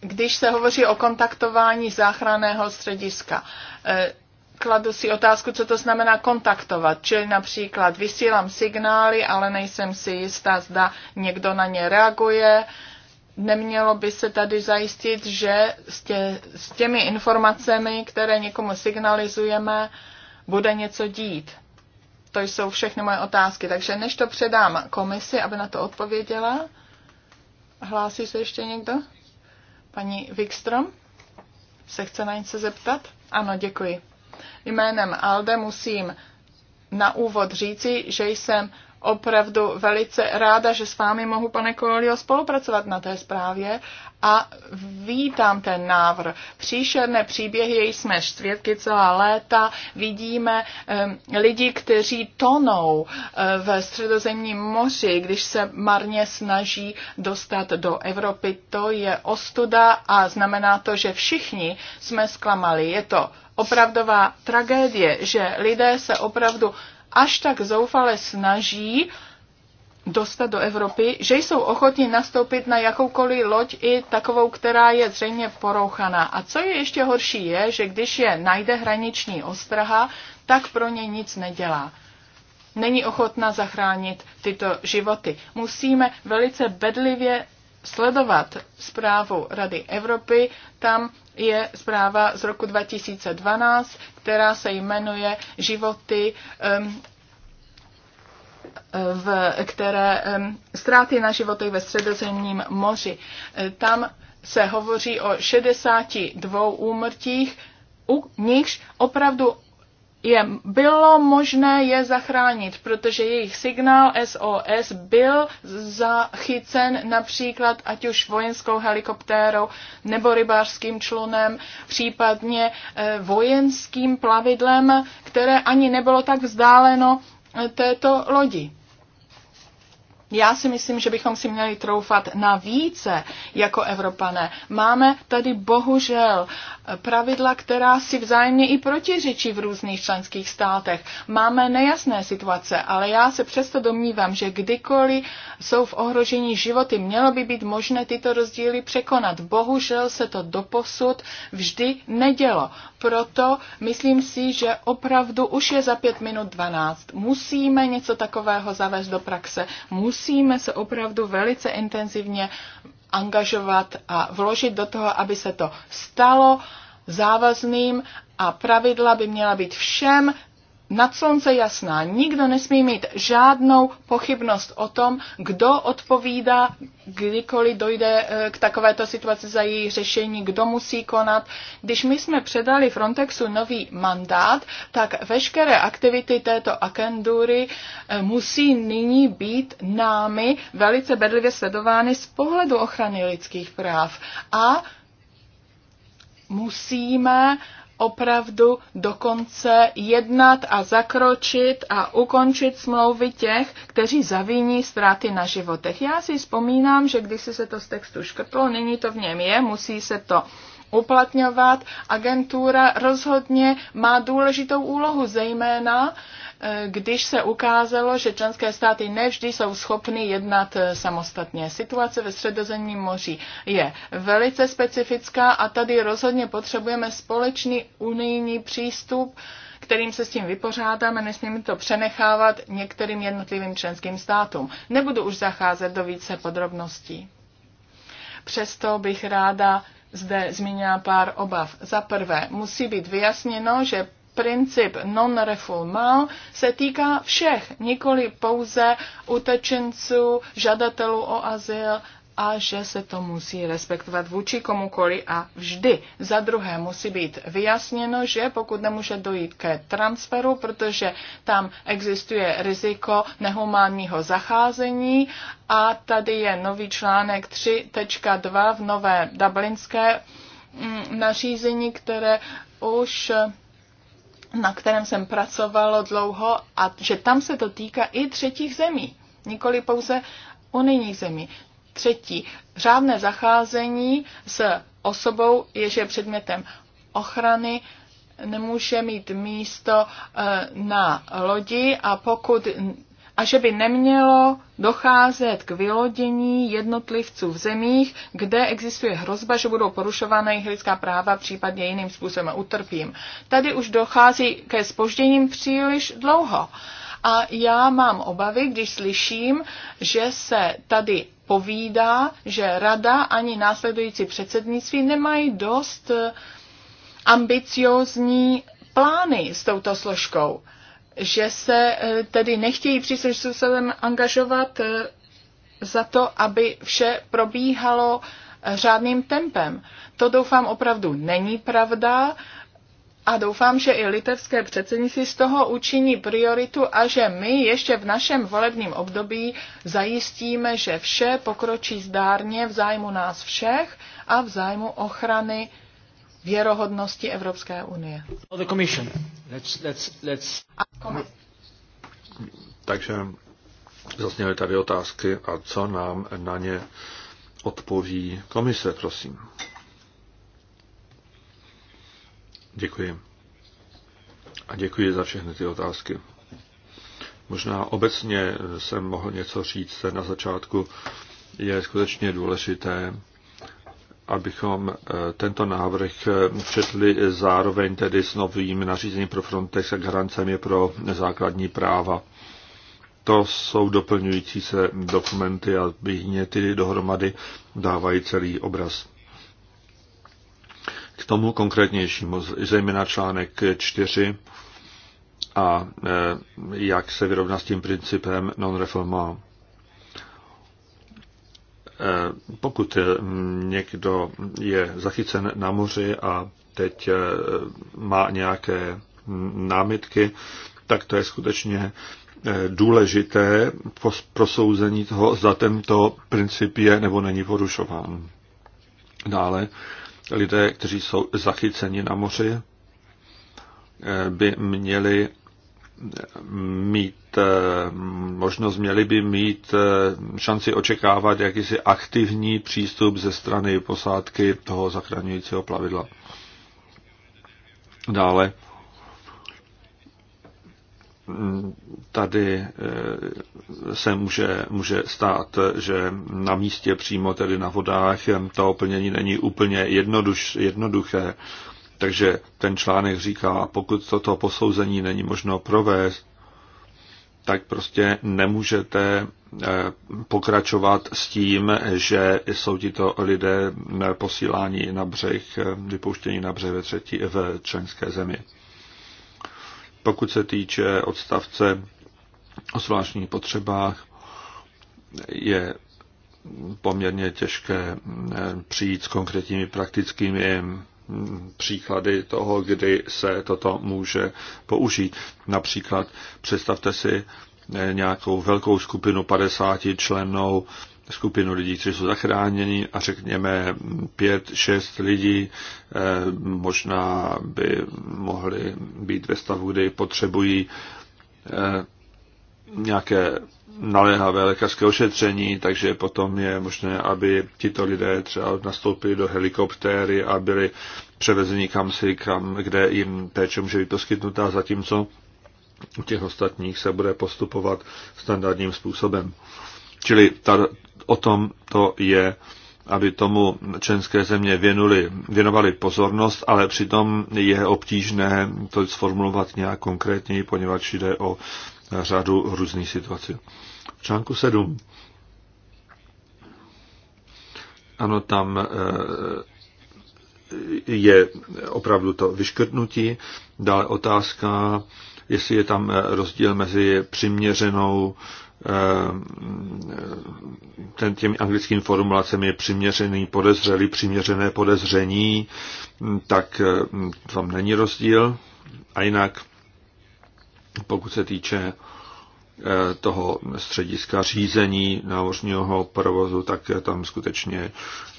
když se hovoří o kontaktování záchranného střediska. Eh, kladu si otázku, co to znamená kontaktovat. Čili například vysílám signály, ale nejsem si jistá, zda někdo na ně reaguje. Nemělo by se tady zajistit, že s, tě, s těmi informacemi, které někomu signalizujeme, bude něco dít. To jsou všechny moje otázky. Takže než to předám komisi, aby na to odpověděla, hlásí se ještě někdo? Paní Wikstrom se chce na něco zeptat? Ano, děkuji. Jménem Alde musím na úvod říci, že jsem opravdu velice ráda, že s vámi mohu, pane Kolio, spolupracovat na té zprávě a vítám ten návrh. Příšerné příběhy jej jsme svědky celá léta. Vidíme um, lidi, kteří tonou uh, ve středozemním moři, když se marně snaží dostat do Evropy. To je ostuda a znamená to, že všichni jsme zklamali. Je to opravdová tragédie, že lidé se opravdu až tak zoufale snaží dostat do Evropy, že jsou ochotní nastoupit na jakoukoliv loď i takovou, která je zřejmě porouchaná. A co je ještě horší je, že když je najde hraniční ostraha, tak pro ně nic nedělá není ochotna zachránit tyto životy. Musíme velice bedlivě sledovat zprávu Rady Evropy, tam je zpráva z roku 2012, která se jmenuje Životy um, v, které ztráty na životech ve středozemním moři. E, tam se hovoří o 62 úmrtích, u nichž opravdu je, bylo možné je zachránit, protože jejich signál SOS byl zachycen například ať už vojenskou helikoptérou nebo rybářským člunem, případně eh, vojenským plavidlem, které ani nebylo tak vzdáleno eh, této lodi. Já si myslím, že bychom si měli troufat na více jako Evropané. Máme tady bohužel pravidla, která si vzájemně i protiřečí v různých členských státech. Máme nejasné situace, ale já se přesto domnívám, že kdykoliv jsou v ohrožení životy, mělo by být možné tyto rozdíly překonat. Bohužel se to doposud vždy nedělo. Proto myslím si, že opravdu už je za pět minut dvanáct. Musíme něco takového zavést do praxe. Musíme musíme se opravdu velice intenzivně angažovat a vložit do toho, aby se to stalo závazným a pravidla by měla být všem nad slunce jasná. Nikdo nesmí mít žádnou pochybnost o tom, kdo odpovídá, kdykoliv dojde eh, k takovéto situaci za její řešení, kdo musí konat. Když my jsme předali Frontexu nový mandát, tak veškeré aktivity této agendury eh, musí nyní být námi velice bedlivě sledovány z pohledu ochrany lidských práv. A musíme uh, opravdu dokonce jednat a zakročit a ukončit smlouvy těch, kteří zavíní ztráty na životech. Já si vzpomínám, že když se to z textu škrtlo, nyní to v něm je, musí se to uplatňovat. Agentura rozhodně má důležitou úlohu, zejména eh, když se ukázalo, že členské státy nevždy jsou schopny jednat eh, samostatně. Situace ve středozemním moři je velice specifická a tady rozhodně potřebujeme společný unijní přístup, kterým se s tím vypořádáme, nesmíme to přenechávat některým jednotlivým členským státům. Nebudu už zacházet do více podrobností. Přesto bych ráda zde zmínila pár obav. Za prvé, musí být vyjasněno, že princip non-refoulement se týká všech, nikoli pouze utečenců, žadatelů o azyl a že se to musí respektovat vůči komukoli a vždy. Za druhé musí být vyjasněno, že pokud nemůže dojít ke transferu, protože tam existuje riziko nehumánního zacházení a tady je nový článek 3.2 v nové dublinské mm, nařízení, které už na kterém jsem pracovalo dlouho a že tam se to týká i třetích zemí, nikoli pouze unijních zemí. Třetí, řádné zacházení s osobou, jež je předmětem ochrany, nemůže mít místo eh, na lodi a pokud a že by nemělo docházet k vylodění jednotlivců v zemích, kde existuje hrozba, že budou porušovány jejich lidská práva, případně jiným způsobem utrpím. Tady už dochází ke spožděním příliš dlouho. A já mám obavy, když slyším, že se tady povídá, že rada ani následující předsednictví nemají dost eh, ambiciozní plány s touto složkou, že se eh, tedy nechtějí příslušným způsobem angažovat eh, za to, aby vše probíhalo řádným tempem. To doufám opravdu není pravda a doufám, že i litevské předsednictví z toho učiní prioritu a že my ještě v našem volebním období zajistíme, že vše pokročí zdárně v zájmu nás všech a v zájmu ochrany věrohodnosti Evropské unie. Let's, let's, let's... Takže zazněly tady otázky a co nám na ně odpoví komise, prosím. Děkuji. A děkuji za všechny ty otázky. Možná obecně jsem mohl něco říct na začátku. Je skutečně důležité, abychom eh, tento návrh eh, četli zároveň tedy s novým nařízením pro Frontex a garancemi pro základní práva. To jsou doplňující se dokumenty a jedině ty dohromady dávají celý obraz k tomu konkrétnějšímu, zejména článek 4 a e, jak se vyrovná s tím principem non reforma, e, Pokud e, někdo je zachycen na moři a teď má nějaké námitky, tak to je skutečně důležité prosouzení toho, zda tento princip je nebo není porušován. Dále lidé, kteří jsou zachyceni na moři, eh, by měli eh, mít eh, možnost, měli by mít šanci očekávat jakýsi aktivní přístup ze strany posádky toho zachraňujícího plavidla. Dále tady eh, se může, může stát, že na místě přímo, tedy na vodách, to oplnění není úplně jednoduš, jednoduché. Takže ten článek říká, pokud toto posouzení není možno provést, tak prostě nemůžete eh, pokračovat s tím, že jsou tito lidé posíláni na břeh, eh, vypouštění na břeh ve třetí v členské zemi. Pokud se týče odstavce o zvláštních potřebách, je poměrně těžké eh, přijít s konkrétními praktickými mm, příklady toho, kdy se toto může použít. Například představte si eh, nějakou velkou skupinu 50 členů skupinu lidí, kteří jsou zachráněni a řekněme pět, šest lidí eh, možná by mohli být ve stavu, kdy potřebují eh, nějaké naléhavé lékařské ošetření, takže potom je možné, aby tito lidé třeba nastoupili do helikoptéry a byli převezeni kam si, kam, kde jim péče může být poskytnutá, zatímco u těch ostatních se bude postupovat standardním způsobem. Čili ta o tom to je, aby tomu členské země věnuli, věnovali pozornost, ale přitom je obtížné to sformulovat nějak konkrétněji, poněvadž jde o řadu různých situací. V článku 7. Ano, tam eh, je opravdu to vyškrtnutí. Dále otázka, jestli je tam eh, rozdíl mezi přiměřenou Eh, ten, těmi anglickými formulacemi je přiměřený podezřelý, přiměřené podezření, tak eh, tam není rozdíl. A jinak, pokud se týče eh, toho střediska řízení námořního provozu, tak tam skutečně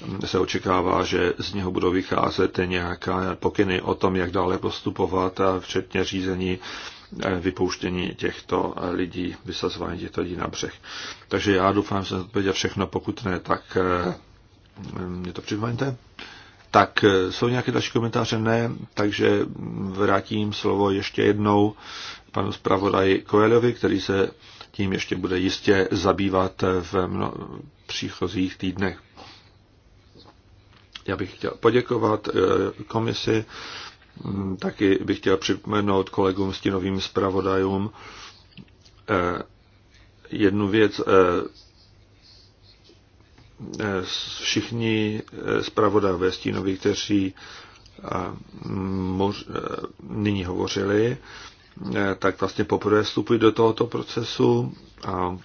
hm, se očekává, že z něho budou vycházet nějaká pokyny o tom, jak dále postupovat, a včetně řízení Eh, vypouštění těchto eh, lidí, vysazování těchto lidí na břeh. Takže já doufám, že jsem odpověděl všechno, pokud ne, tak eh, mě to připomeňte. Tak jsou nějaké další komentáře? Ne, takže vrátím slovo ještě jednou panu zpravodaji Koelovi, který se tím ještě bude jistě zabývat v mno... příchozích týdnech. Já bych chtěl poděkovat komisi Mm, taky bych chtěl připomenout kolegům s stinovým zpravodajům eh, jednu věc. Eh, eh, všichni zpravodajové stínoví, kteří nyní hovořili, tak vlastně poprvé vstupují do tohoto procesu a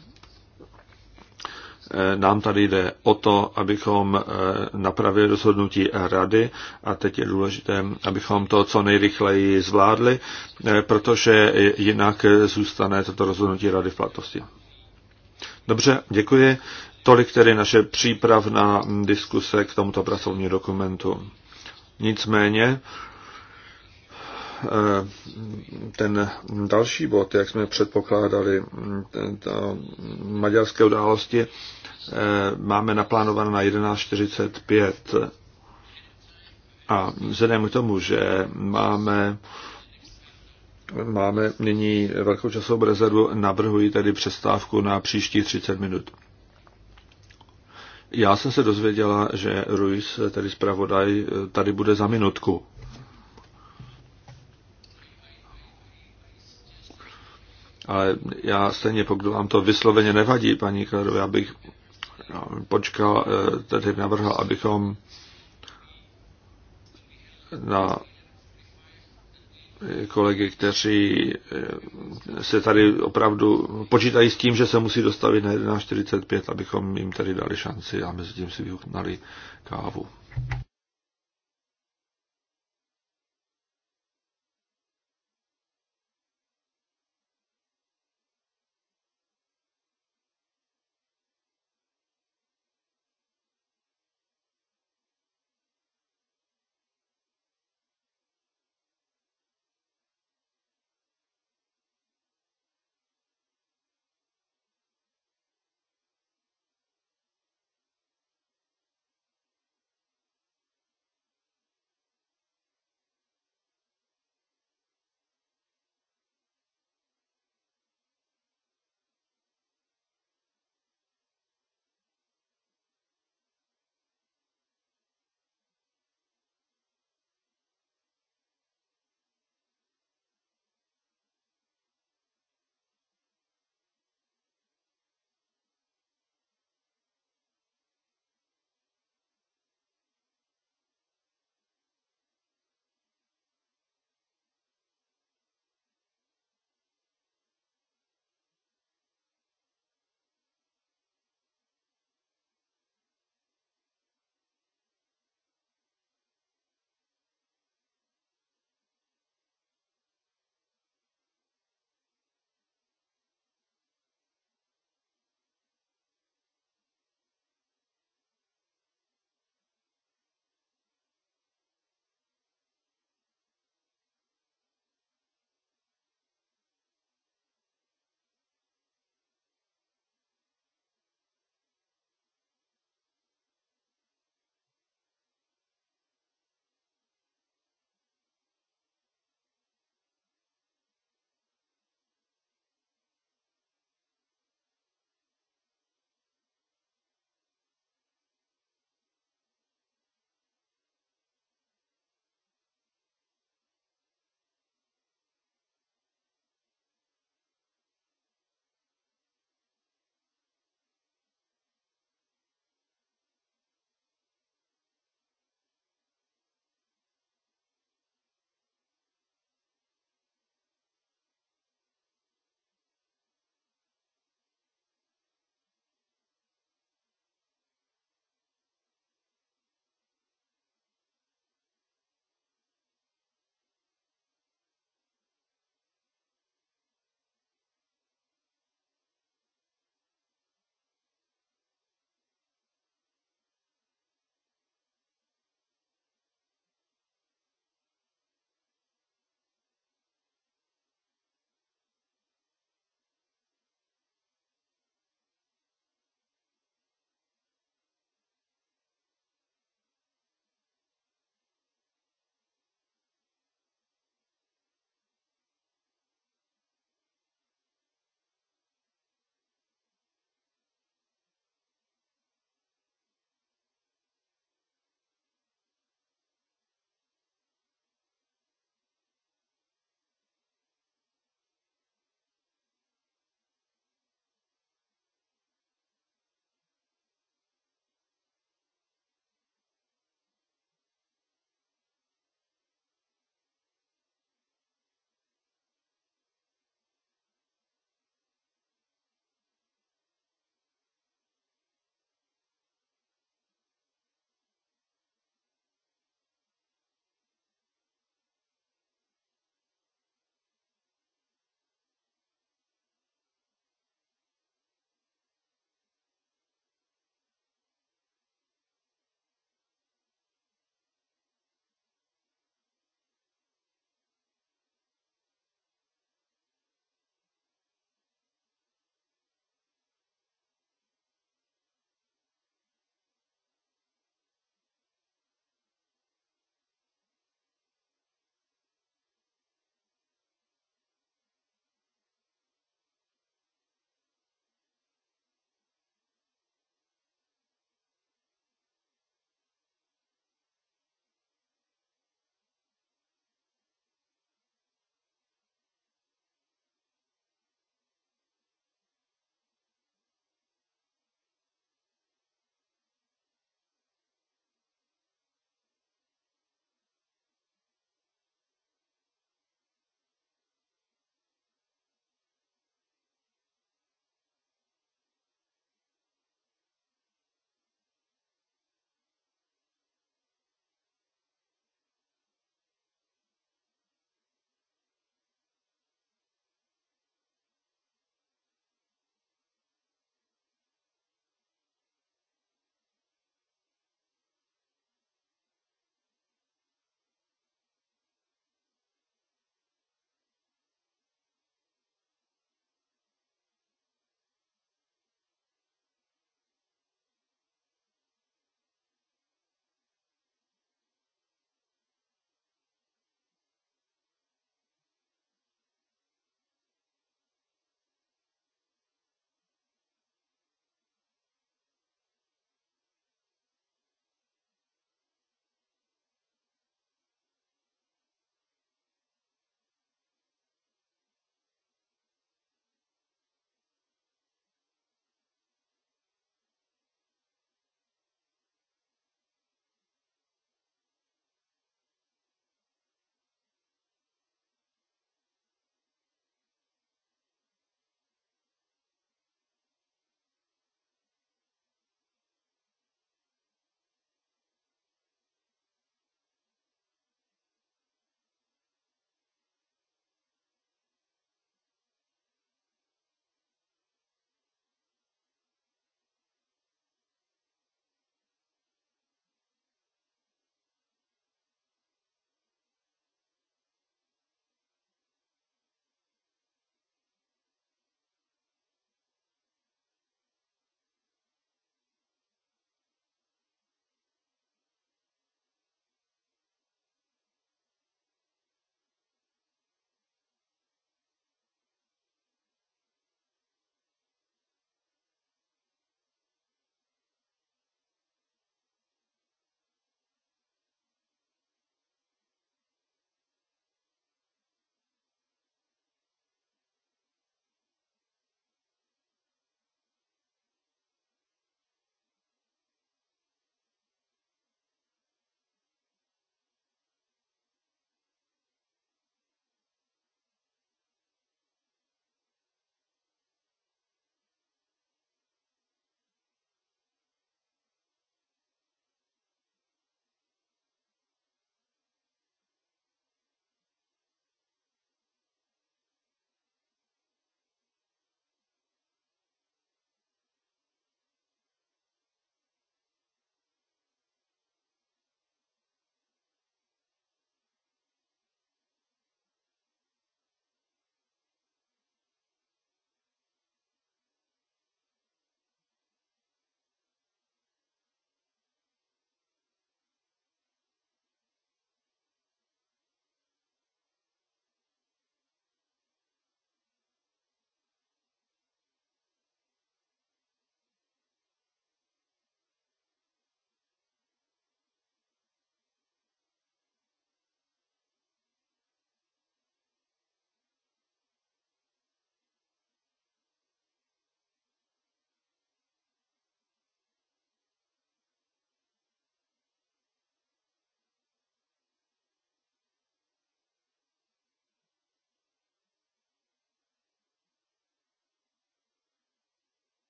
Eh, nám tady jde o to, abychom eh, napravili rozhodnutí rady a teď je důležité, abychom to co nejrychleji zvládli, eh, protože jinak zůstane toto rozhodnutí rady v platnosti. Dobře, děkuji. Tolik tedy naše přípravná diskuse k tomuto pracovnímu dokumentu. Nicméně Eh, ten další bod, jak jsme předpokládali, maďarské události, eh, máme naplánované na 11.45. A vzhledem k tomu, že máme máme nyní velkou časovou rezervu, navrhuji tedy přestávku na příští 30 minut. Já jsem se dozvěděla, že Ruiz, tedy zpravodaj, eh, tady bude za minutku. ale já stejně, pokud vám to vysloveně nevadí, paní Klerové, abych no, počkal, eh, tedy navrhl, abychom na eh, kolegy, kteří eh, se tady opravdu počítají s tím, že se musí dostavit na 11.45, abychom jim tady dali šanci a mezi tím si vyhutnali kávu.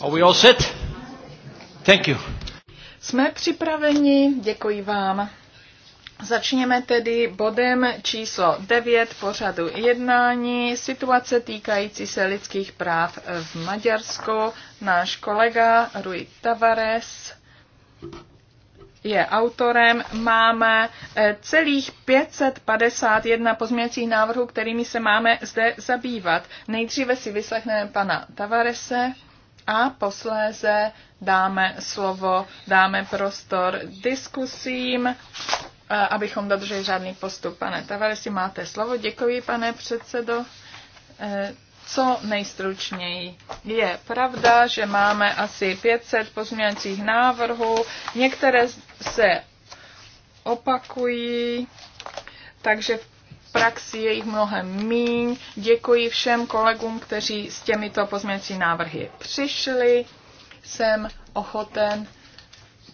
Are we all set? Thank you. Jsme připraveni, děkuji vám. Začněme tedy bodem číslo 9 pořadu jednání, situace týkající se lidských práv v Maďarsku. Náš kolega Rui Tavares je autorem. Máme eh, celých 551 pozměcích návrhů, kterými se máme zde zabývat. Nejdříve si vyslechneme pana Tavarese a posléze dáme slovo, dáme prostor diskusím, eh, abychom dodrželi žádný postup. Pane si máte slovo. Děkuji, pane předsedo eh, co nejstručněji. Je pravda, že máme asi 500 pozměňovacích návrhů, některé se opakují, takže v praxi je jich mnohem míň. Děkuji všem kolegům, kteří s těmito pozměňovací návrhy přišli. Jsem ochoten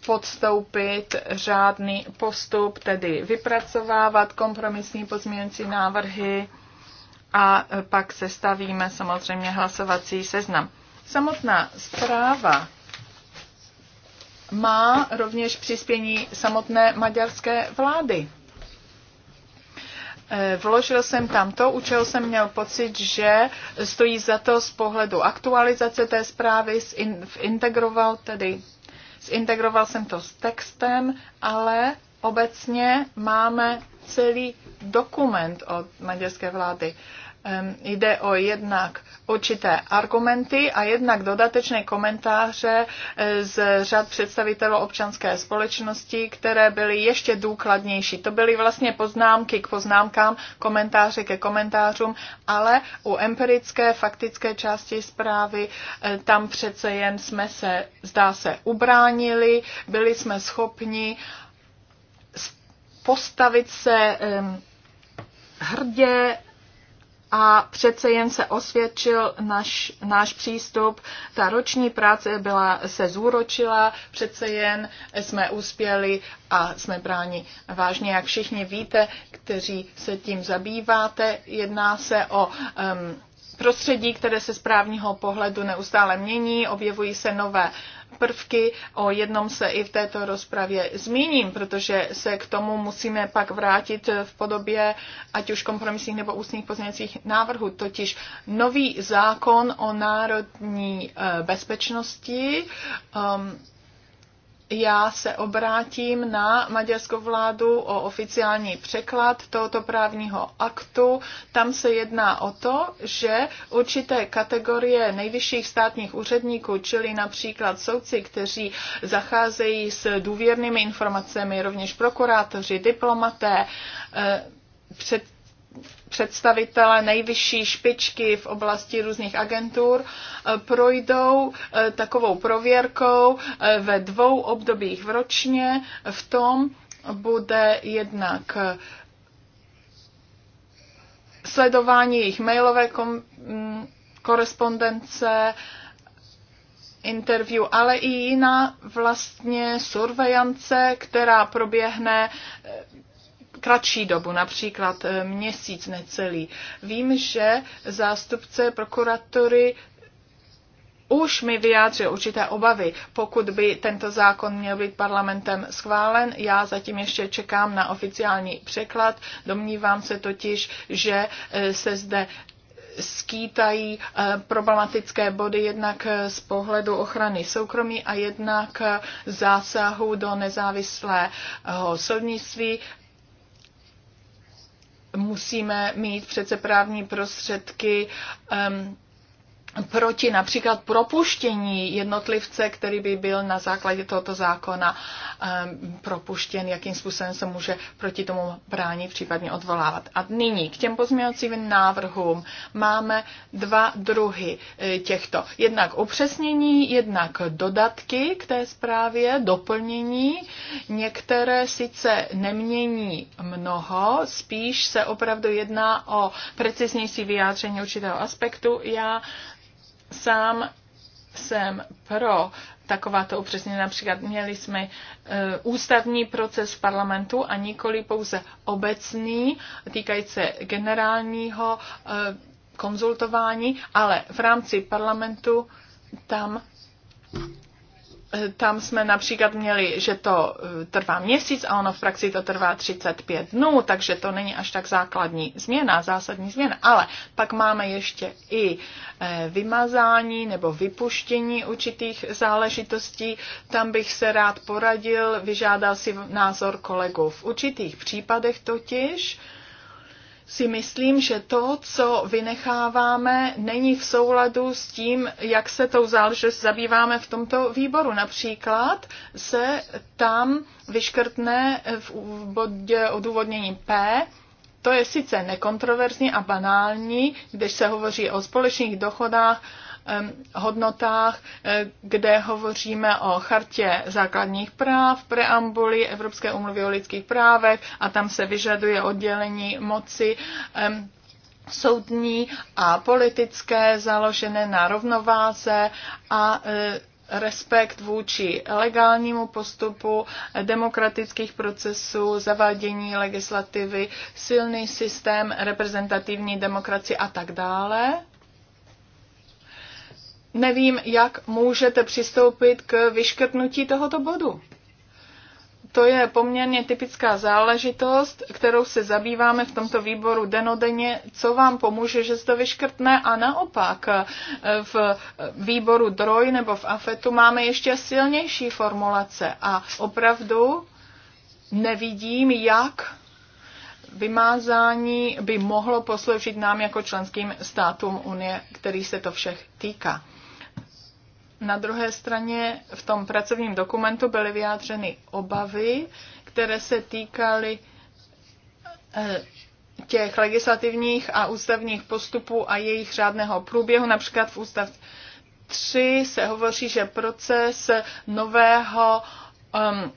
podstoupit řádný postup, tedy vypracovávat kompromisní pozměňovací návrhy a pak sestavíme samozřejmě hlasovací seznam. Samotná zpráva má rovněž přispění samotné maďarské vlády. Eh, vložil jsem tam to, u čeho jsem měl pocit, že stojí za to z pohledu aktualizace té zprávy, integroval tedy Zintegroval jsem to s textem, ale obecně máme celý dokument od maďarské vlády jde o jednak určité argumenty a jednak dodatečné komentáře eh, z řad představitelů občanské společnosti, které byly ještě důkladnější. To byly vlastně poznámky k poznámkám, komentáře ke komentářům, ale u empirické faktické části zprávy eh, tam přece jen jsme se, zdá se, ubránili, byli jsme schopni postavit se hrdě a přece jen se osvědčil naš, náš přístup. Ta roční práce byla, se zúročila, přece jen jsme uspěli a jsme bráni vážně, jak všichni víte, kteří se tím zabýváte. Jedná se o um, prostředí, které se z právního pohledu neustále mění, objevují se nové prvky. O jednom se i v této rozpravě zmíním, protože se k tomu musíme pak vrátit v podobě ať už kompromisních nebo ústních pozměňovacích návrhů, totiž nový zákon o národní eh, bezpečnosti. Um, já se obrátím na maďarskou vládu o oficiální překlad tohoto právního aktu. Tam se jedná o to, že určité kategorie nejvyšších státních úředníků, čili například soudci, kteří zacházejí s důvěrnými informacemi, rovněž prokurátoři, diplomaté, eh, před představitele nejvyšší špičky v oblasti různých agentur e, projdou e, takovou prověrkou e, ve dvou obdobích v ročně. V tom bude jednak sledování jejich mailové mm, korespondence, interview, ale i jiná vlastně surveillance, která proběhne kratší dobu, například eh, měsíc necelý. Vím, že zástupce prokuratury už mi vyjádřil určité obavy, pokud by tento zákon měl být parlamentem schválen. Já zatím ještě čekám na oficiální překlad. Domnívám se totiž, že eh, se zde skýtají eh, problematické body jednak z pohledu ochrany soukromí a jednak zásahu do nezávislého soudnictví musíme mít přece právní prostředky um, proti například propuštění jednotlivce, který by byl na základě tohoto zákona um, propuštěn, jakým způsobem se může proti tomu bránit, případně odvolávat. A nyní k těm pozměňovacím návrhům máme dva druhy e, těchto. Jednak upřesnění, jednak dodatky k té zprávě, doplnění. Některé sice nemění mnoho, spíš se opravdu jedná o preciznější vyjádření určitého aspektu. Já Sám jsem pro takováto upřesnění. Například měli jsme e, ústavní proces parlamentu a nikoli pouze obecný, týkající se generálního e, konzultování, ale v rámci parlamentu tam tam jsme například měli, že to e, trvá měsíc a ono v praxi to trvá 35 dnů, takže to není až tak základní změna, zásadní změna. Ale pak máme ještě i e, vymazání nebo vypuštění určitých záležitostí. Tam bych se rád poradil, vyžádal si názor kolegů. V určitých případech totiž si myslím, že to, co vynecháváme, není v souladu s tím, jak se tou záležitost zabýváme v tomto výboru. Například se tam vyškrtne v bodě odůvodnění P, to je sice nekontroverzní a banální, když se hovoří o společných dochodách hodnotách, eh, kde hovoříme o chartě základních práv, preambuli Evropské umluvy o lidských právech a tam se vyžaduje oddělení moci soudní a politické, založené na rovnováze a eh, respekt vůči legálnímu postupu demokratických procesů, zavádění legislativy, silný systém reprezentativní demokracie a tak dále nevím, jak můžete přistoupit k vyškrtnutí tohoto bodu. To je poměrně typická záležitost, kterou se zabýváme v tomto výboru denodenně, co vám pomůže, že se to vyškrtne a naopak eh, v výboru DROJ nebo v AFETu máme ještě silnější formulace a opravdu nevidím, jak vymázání by mohlo posloužit nám jako členským státům Unie, který se to všech týká. Na druhé straně v tom pracovním dokumentu byly vyjádřeny obavy, které se týkaly eh, těch legislativních a ústavních postupů a jejich řádného průběhu. Například v ústav 3 se hovoří, že proces nového um,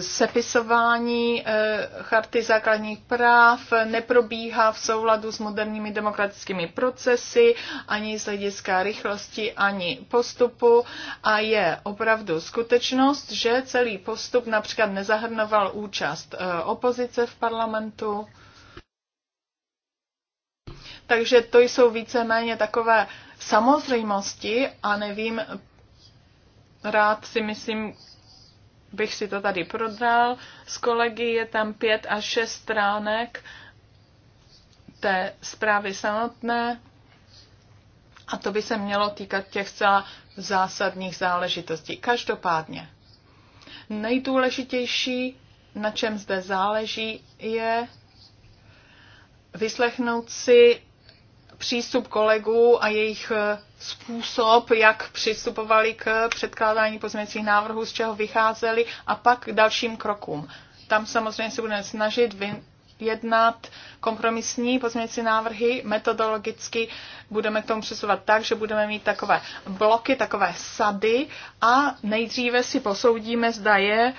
sepisování eh, charty základních práv neprobíhá v souladu s moderními demokratickými procesy, ani z hlediska rychlosti, ani postupu a je opravdu skutečnost, že celý postup například nezahrnoval účast eh, opozice v parlamentu. Takže to jsou víceméně takové samozřejmosti a nevím, rád si myslím, bych si to tady prodal. S kolegy je tam pět až šest stránek té zprávy samotné a to by se mělo týkat těch celá zásadních záležitostí. Každopádně, nejdůležitější, na čem zde záleží, je vyslechnout si přístup kolegů a jejich eh, způsob, jak přistupovali k předkládání pozměňovacích návrhů, z čeho vycházeli a pak k dalším krokům. Tam samozřejmě se budeme snažit vyjednat kompromisní pozměňovací návrhy. Metodologicky budeme k tomu přesouvat tak, že budeme mít takové bloky, takové sady a nejdříve si posoudíme, zda je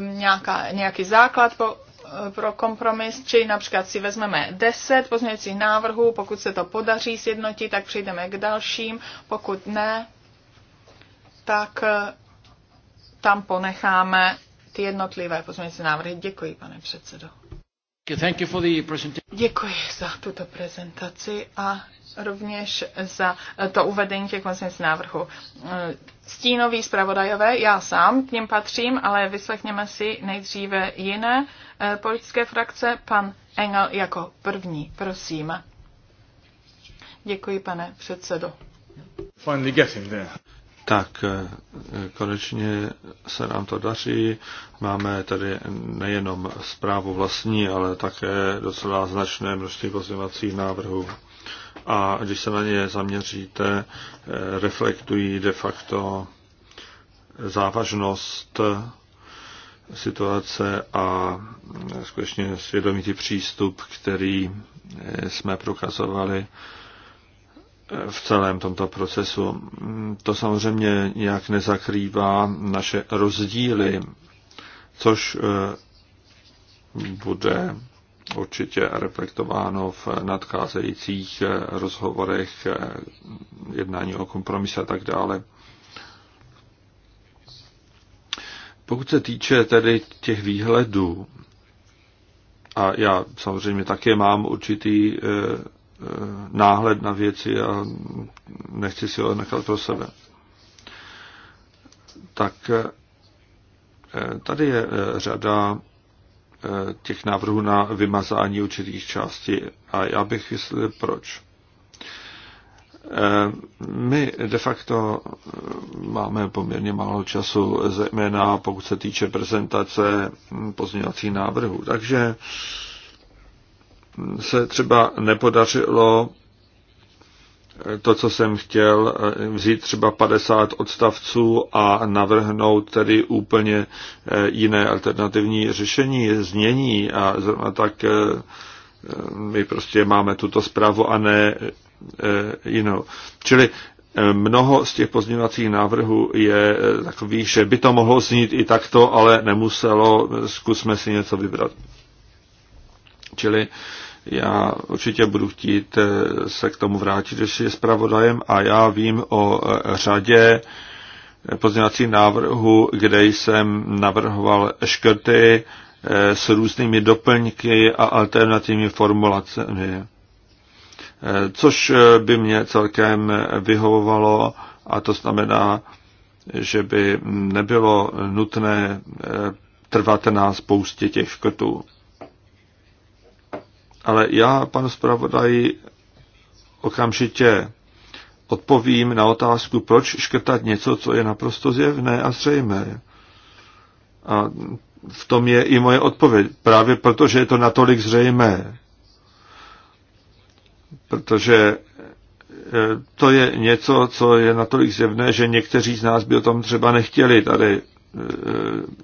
um, nějaká, nějaký základ, po, pro kompromis, či například si vezmeme 10 pozměňujících návrhů, pokud se to podaří sjednotit, tak přejdeme k dalším, pokud ne, tak eh, tam ponecháme ty jednotlivé pozměňující návrhy. Děkuji, pane předsedo. Děkuji za tuto prezentaci a rovněž za to uvedení těch konsensus návrhu. Eh, Stínový zpravodajové, já sám k něm patřím, ale vyslechněme si nejdříve jiné Eh, politické frakce. Pan Engel jako první, prosím. Děkuji, pane předsedo. Tak eh, konečně se nám to daří. Máme tady nejenom zprávu vlastní, ale také docela značné množství pozměňovacích návrhů. A když se na ně zaměříte, eh, reflektují de facto závažnost situace a skutečně svědomitý přístup, který eh, jsme prokazovali eh, v celém tomto procesu. Mm, to samozřejmě nějak nezakrývá naše rozdíly, což eh, bude určitě reflektováno v nadcházejících rozhovorech, jednání o kompromise a tak dále. Pokud se týče tedy těch výhledů, a já samozřejmě také mám určitý e, e náhled na věci a nechci si ho nechat pro sebe, tak e, tady je e, řada těch návrhů na vymazání určitých částí a já bych vysvětlil proč. My de facto máme poměrně málo času, zejména pokud se týče prezentace pozměňovacích návrhů. Takže se třeba nepodařilo to, co jsem chtěl, vzít třeba 50 odstavců a navrhnout tedy úplně jiné alternativní řešení, znění a zrovna tak eh, my prostě máme tuto zprávu a ne Eh, jinou. Čili eh, mnoho z těch pozměňovacích návrhů je eh, takových, že by to mohlo znít i takto, ale nemuselo, zkusme si něco vybrat. Čili já určitě budu chtít se k tomu vrátit, když je zpravodajem a já vím o řadě pozměňovacích návrhu, kde jsem navrhoval škrty s různými doplňky a alternativními formulacemi což eh, by mě celkem vyhovovalo a to znamená, že by nebylo nutné eh, trvat na spoustě těch škrtů. Ale já, panu zpravodaji, okamžitě odpovím na otázku, proč škrtat něco, co je naprosto zjevné a zřejmé. A v tom je i moje odpověď. Právě proto, že je to natolik zřejmé protože e, to je něco, co je natolik zjevné, že někteří z nás by o tom třeba nechtěli tady e,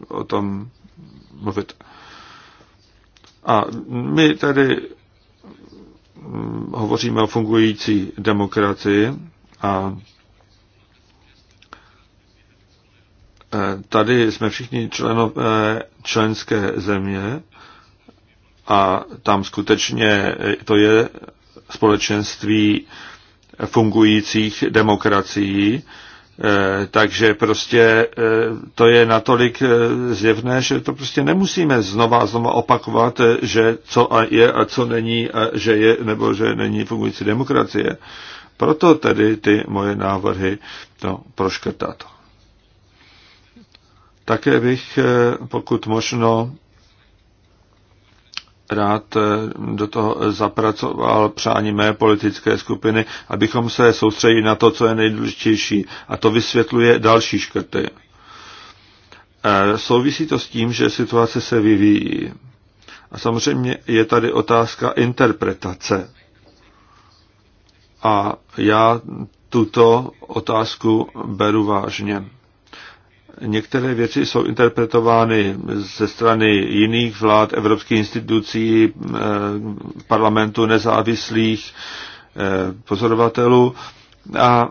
o tom mluvit. A my tady mm, hovoříme o fungující demokracii a e, tady jsme všichni členové členské země a tam skutečně to je společenství fungujících demokracií, e, takže prostě e, to je natolik e, zjevné, že to prostě nemusíme znova a znova opakovat, že co a je a co není, a že je nebo že není fungující demokracie. Proto tedy ty moje návrhy to proškrtat. Také bych, pokud možno, rád eh, do toho zapracoval přání mé politické skupiny, abychom se soustředili na to, co je nejdůležitější. A to vysvětluje další škrty. Eh, souvisí to s tím, že situace se vyvíjí. A samozřejmě je tady otázka interpretace. A já tuto otázku beru vážně některé věci jsou interpretovány ze strany jiných vlád, evropských institucí, eh, parlamentu, nezávislých eh, pozorovatelů a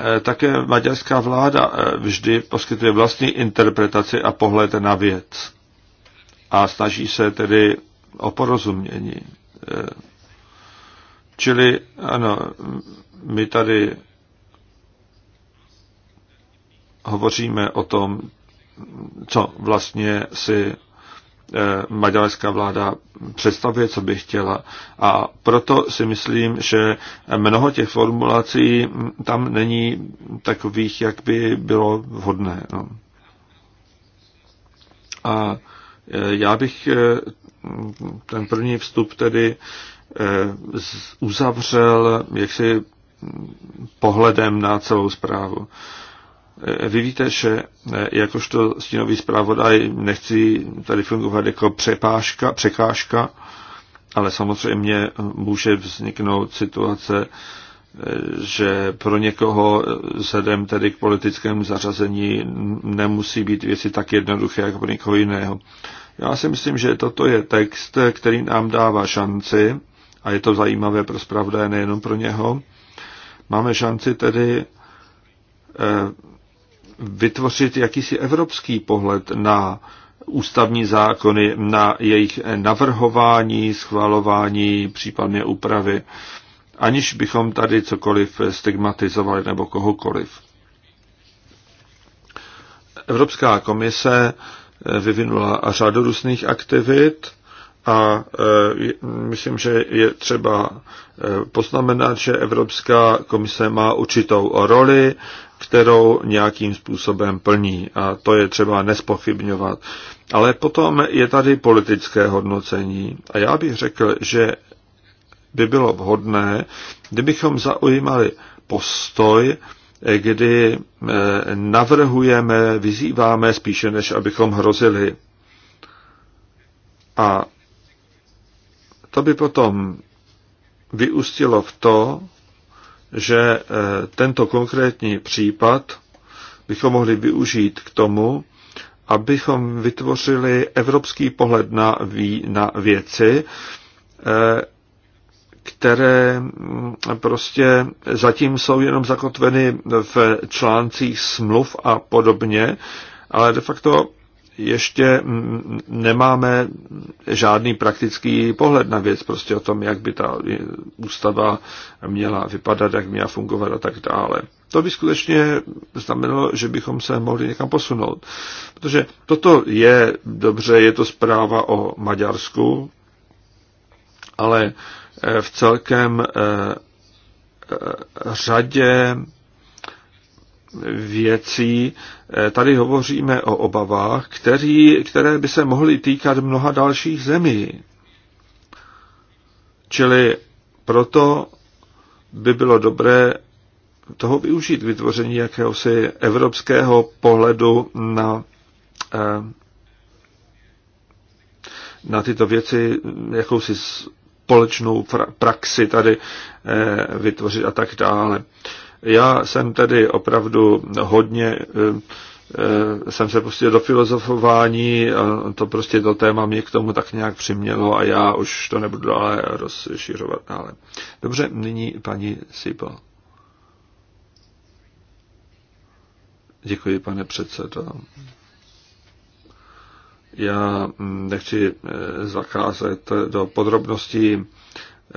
eh, také maďarská vláda vždy poskytuje vlastní interpretaci a pohled na věc a snaží se tedy o porozumění. Čili ano, my tady hovoříme o tom, co vlastně si eh, maďarská vláda představuje, co by chtěla. A proto si myslím, že mnoho těch formulací mm, tam není takových, jak by bylo vhodné. No. A eh, já bych eh, ten první vstup tedy uzavřel jaksi mm, pohledem na celou zprávu. Eh, vy víte, že eh, jakožto stínový zpravodaj nechci tady fungovat jako přepážka, překážka, ale samozřejmě eh, může vzniknout situace, že pro někoho vzhledem tedy k politickému zařazení nemusí být věci tak jednoduché jako pro někoho jiného. Já si myslím, že toto je text, který nám dává šanci a je to zajímavé pro zpravodaje nejenom pro něho. Máme šanci tedy vytvořit jakýsi evropský pohled na ústavní zákony, na jejich navrhování, schvalování, případně úpravy, aniž bychom tady cokoliv stigmatizovali nebo kohokoliv. Evropská komise eh, vyvinula řadu různých aktivit a eh, myslím, že je třeba eh, poznamenat, že Evropská komise má určitou roli kterou nějakým způsobem plní a to je třeba nespochybňovat. Ale potom je tady politické hodnocení a já bych řekl, že by bylo vhodné, kdybychom zaujímali postoj, kdy eh, navrhujeme, vyzýváme spíše, než abychom hrozili. A to by potom vyústilo v to, že eh, tento konkrétní případ bychom mohli využít k tomu, abychom vytvořili evropský pohled na, ví, na věci, eh, které mm, prostě zatím jsou jenom zakotveny v článcích smluv a podobně, ale de facto ještě nemáme žádný praktický pohled na věc prostě o tom, jak by ta ústava měla vypadat, jak měla fungovat a tak dále. To by skutečně znamenalo, že bychom se mohli někam posunout. Protože toto je dobře, je to zpráva o Maďarsku, ale eh, v celkem eh, eh, řadě věcí. Eh, tady hovoříme o obavách, který, které by se mohly týkat mnoha dalších zemí. Čili proto by bylo dobré toho využít vytvoření jakéhosi evropského pohledu na, eh, na tyto věci, jakousi společnou praxi tady eh, vytvořit a tak dále. Já jsem tedy opravdu hodně eh, eh, jsem se pustil do filozofování, a to prostě to téma mě k tomu tak nějak přimělo a já už to nebudu dále rozšiřovat Ale... Dobře, nyní paní Sipo. Děkuji, pane předsedo. Já mm, nechci eh, zakázat do podrobností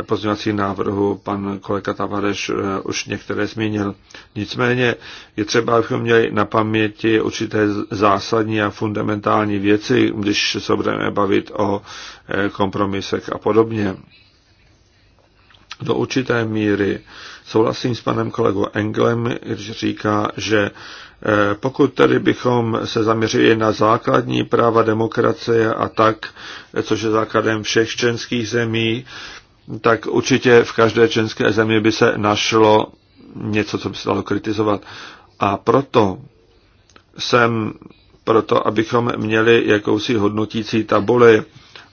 pozměňovací návrhu pan kolega Tavareš eh, už některé zmínil. Nicméně je třeba, abychom měli na paměti určité zásadní a fundamentální věci, když se budeme bavit o eh, kompromisech a podobně. Do určité míry souhlasím s panem kolegou Englem, když říká, že eh, pokud tedy bychom se zaměřili na základní práva demokracie a tak, což je základem všech členských zemí, tak určitě v každé členské zemi by se našlo něco, co by se dalo kritizovat. A proto jsem proto, abychom měli jakousi hodnotící tabuli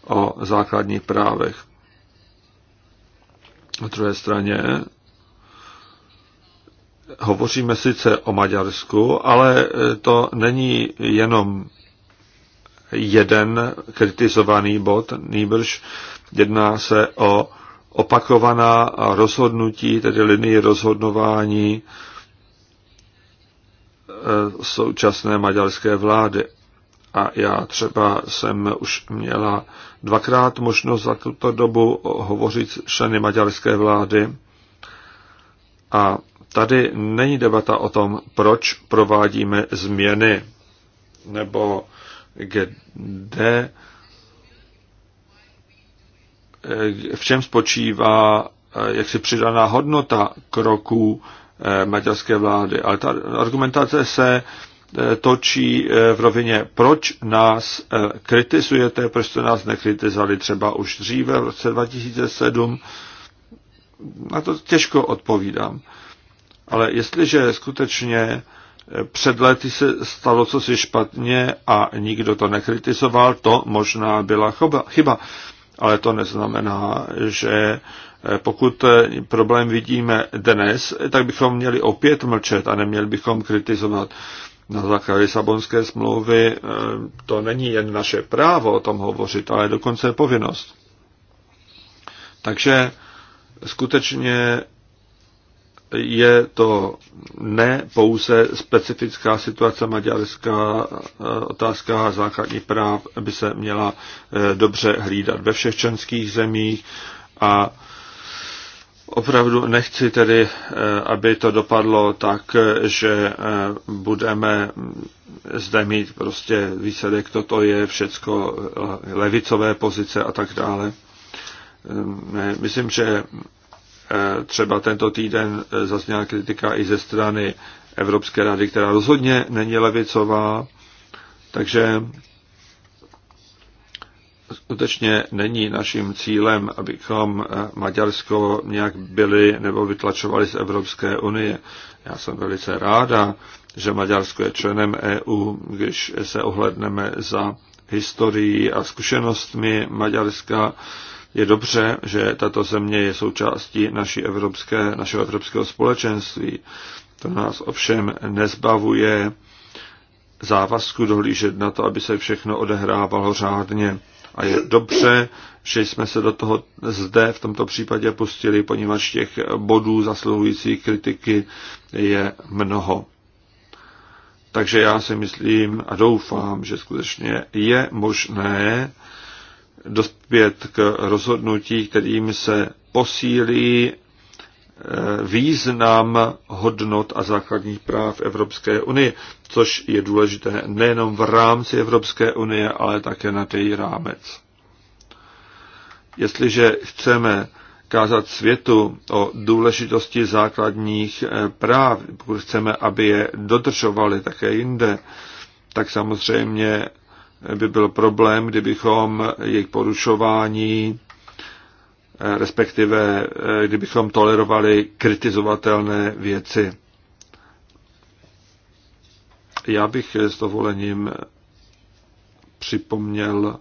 o základních právech. Na druhé straně hovoříme sice o Maďarsku, ale to není jenom jeden kritizovaný bod, nýbrž jedná se o opakovaná rozhodnutí, tedy linie rozhodování e, současné maďarské vlády. A já třeba jsem už měla dvakrát možnost za tuto dobu hovořit s členy maďarské vlády. A tady není debata o tom, proč provádíme změny, nebo kde Eh, v čem spočívá eh, jaksi přidaná hodnota kroků eh, maďarské vlády. Ale ta argumentace se točí v rovině, proč nás kritizujete, proč jste nás nekritizovali třeba už dříve v roce 2007. Na to těžko odpovídám. Ale jestliže skutečně před lety se stalo co si špatně a nikdo to nekritizoval, to možná byla chyba ale to neznamená, že eh, pokud eh, problém vidíme dnes, tak bychom měli opět mlčet a neměli bychom kritizovat. Na základě Lisabonské smlouvy eh, to není jen naše právo o tom hovořit, ale dokonce povinnost. Takže skutečně je to ne pouze specifická situace maďarská, eh, otázka základních práv by se měla eh, dobře hlídat ve všech členských zemích a opravdu nechci tedy, eh, aby to dopadlo tak, že budeme mm, zde mít prostě výsledek, toto je všecko levicové pozice a tak dále. Myslím, že Eh, třeba tento týden eh, zazněla kritika i ze strany Evropské rady, která rozhodně není levicová, takže skutečně není naším cílem, abychom eh, Maďarsko nějak byli nebo vytlačovali z Evropské unie. Já jsem velice ráda, že Maďarsko je členem EU, když se ohledneme za historií a zkušenostmi Maďarska, je dobře, že tato země je součástí naší evropské, našeho evropského společenství. To nás ovšem nezbavuje závazku dohlížet na to, aby se všechno odehrávalo řádně. A je dobře, že jsme se do toho zde v tomto případě pustili, poněvadž těch bodů zasluhujících kritiky je mnoho. Takže já si myslím a doufám, že skutečně je možné dospět k rozhodnutí, kterým se posílí eh, význam hodnot a základních práv Evropské unie, což je důležité nejenom v rámci Evropské unie, ale také na její rámec. Jestliže chceme kázat světu o důležitosti základních eh, práv, pokud chceme, aby je dodržovali také jinde, tak samozřejmě by byl problém, kdybychom jejich porušování, eh, respektive eh, kdybychom tolerovali kritizovatelné věci. Já bych s dovolením připomněl, eh,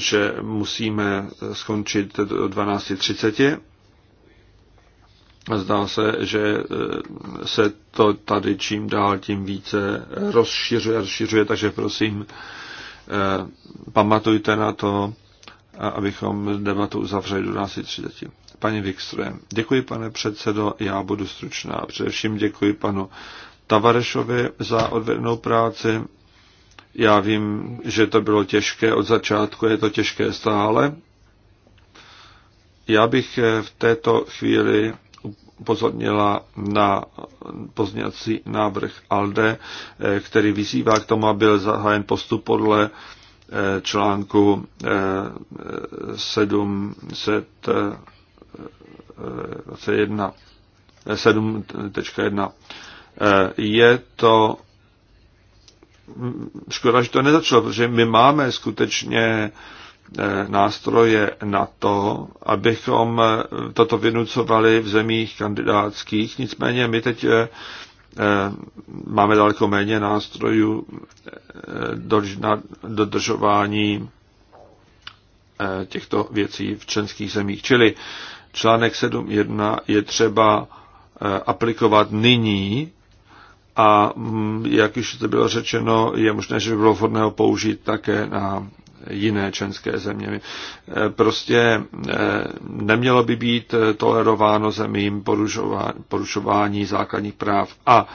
že musíme skončit do 12.30 Zdá se, že e, se to tady čím dál tím více rozšiřuje, rozšiřuje, takže prosím, e, pamatujte na to, abychom debatu uzavřeli do nás 30. Paní Wikström, děkuji pane předsedo, já budu stručná. Především děkuji panu Tavarešovi za odvednou práci. Já vím, že to bylo těžké od začátku, je to těžké stále. Já bych v této chvíli upozornila na pozněcí návrh ALDE, eh, který vyzývá k tomu, aby byl zahájen postup podle eh, článku 7.1. Eh, je to hm, škoda, že to nezačalo, protože my máme skutečně Eh, nástroje na to, abychom eh, toto vynucovali v zemích kandidátských. Nicméně my teď eh, máme daleko méně nástrojů na dodržování těchto věcí v členských zemích. Čili článek 7.1 je třeba aplikovat nyní a mm, jak už to bylo řečeno, je možné, že by bylo vhodné ho použít také na jiné členské země. Eh, prostě eh, nemělo by být eh, tolerováno zemím porušování, porušování základních práv. A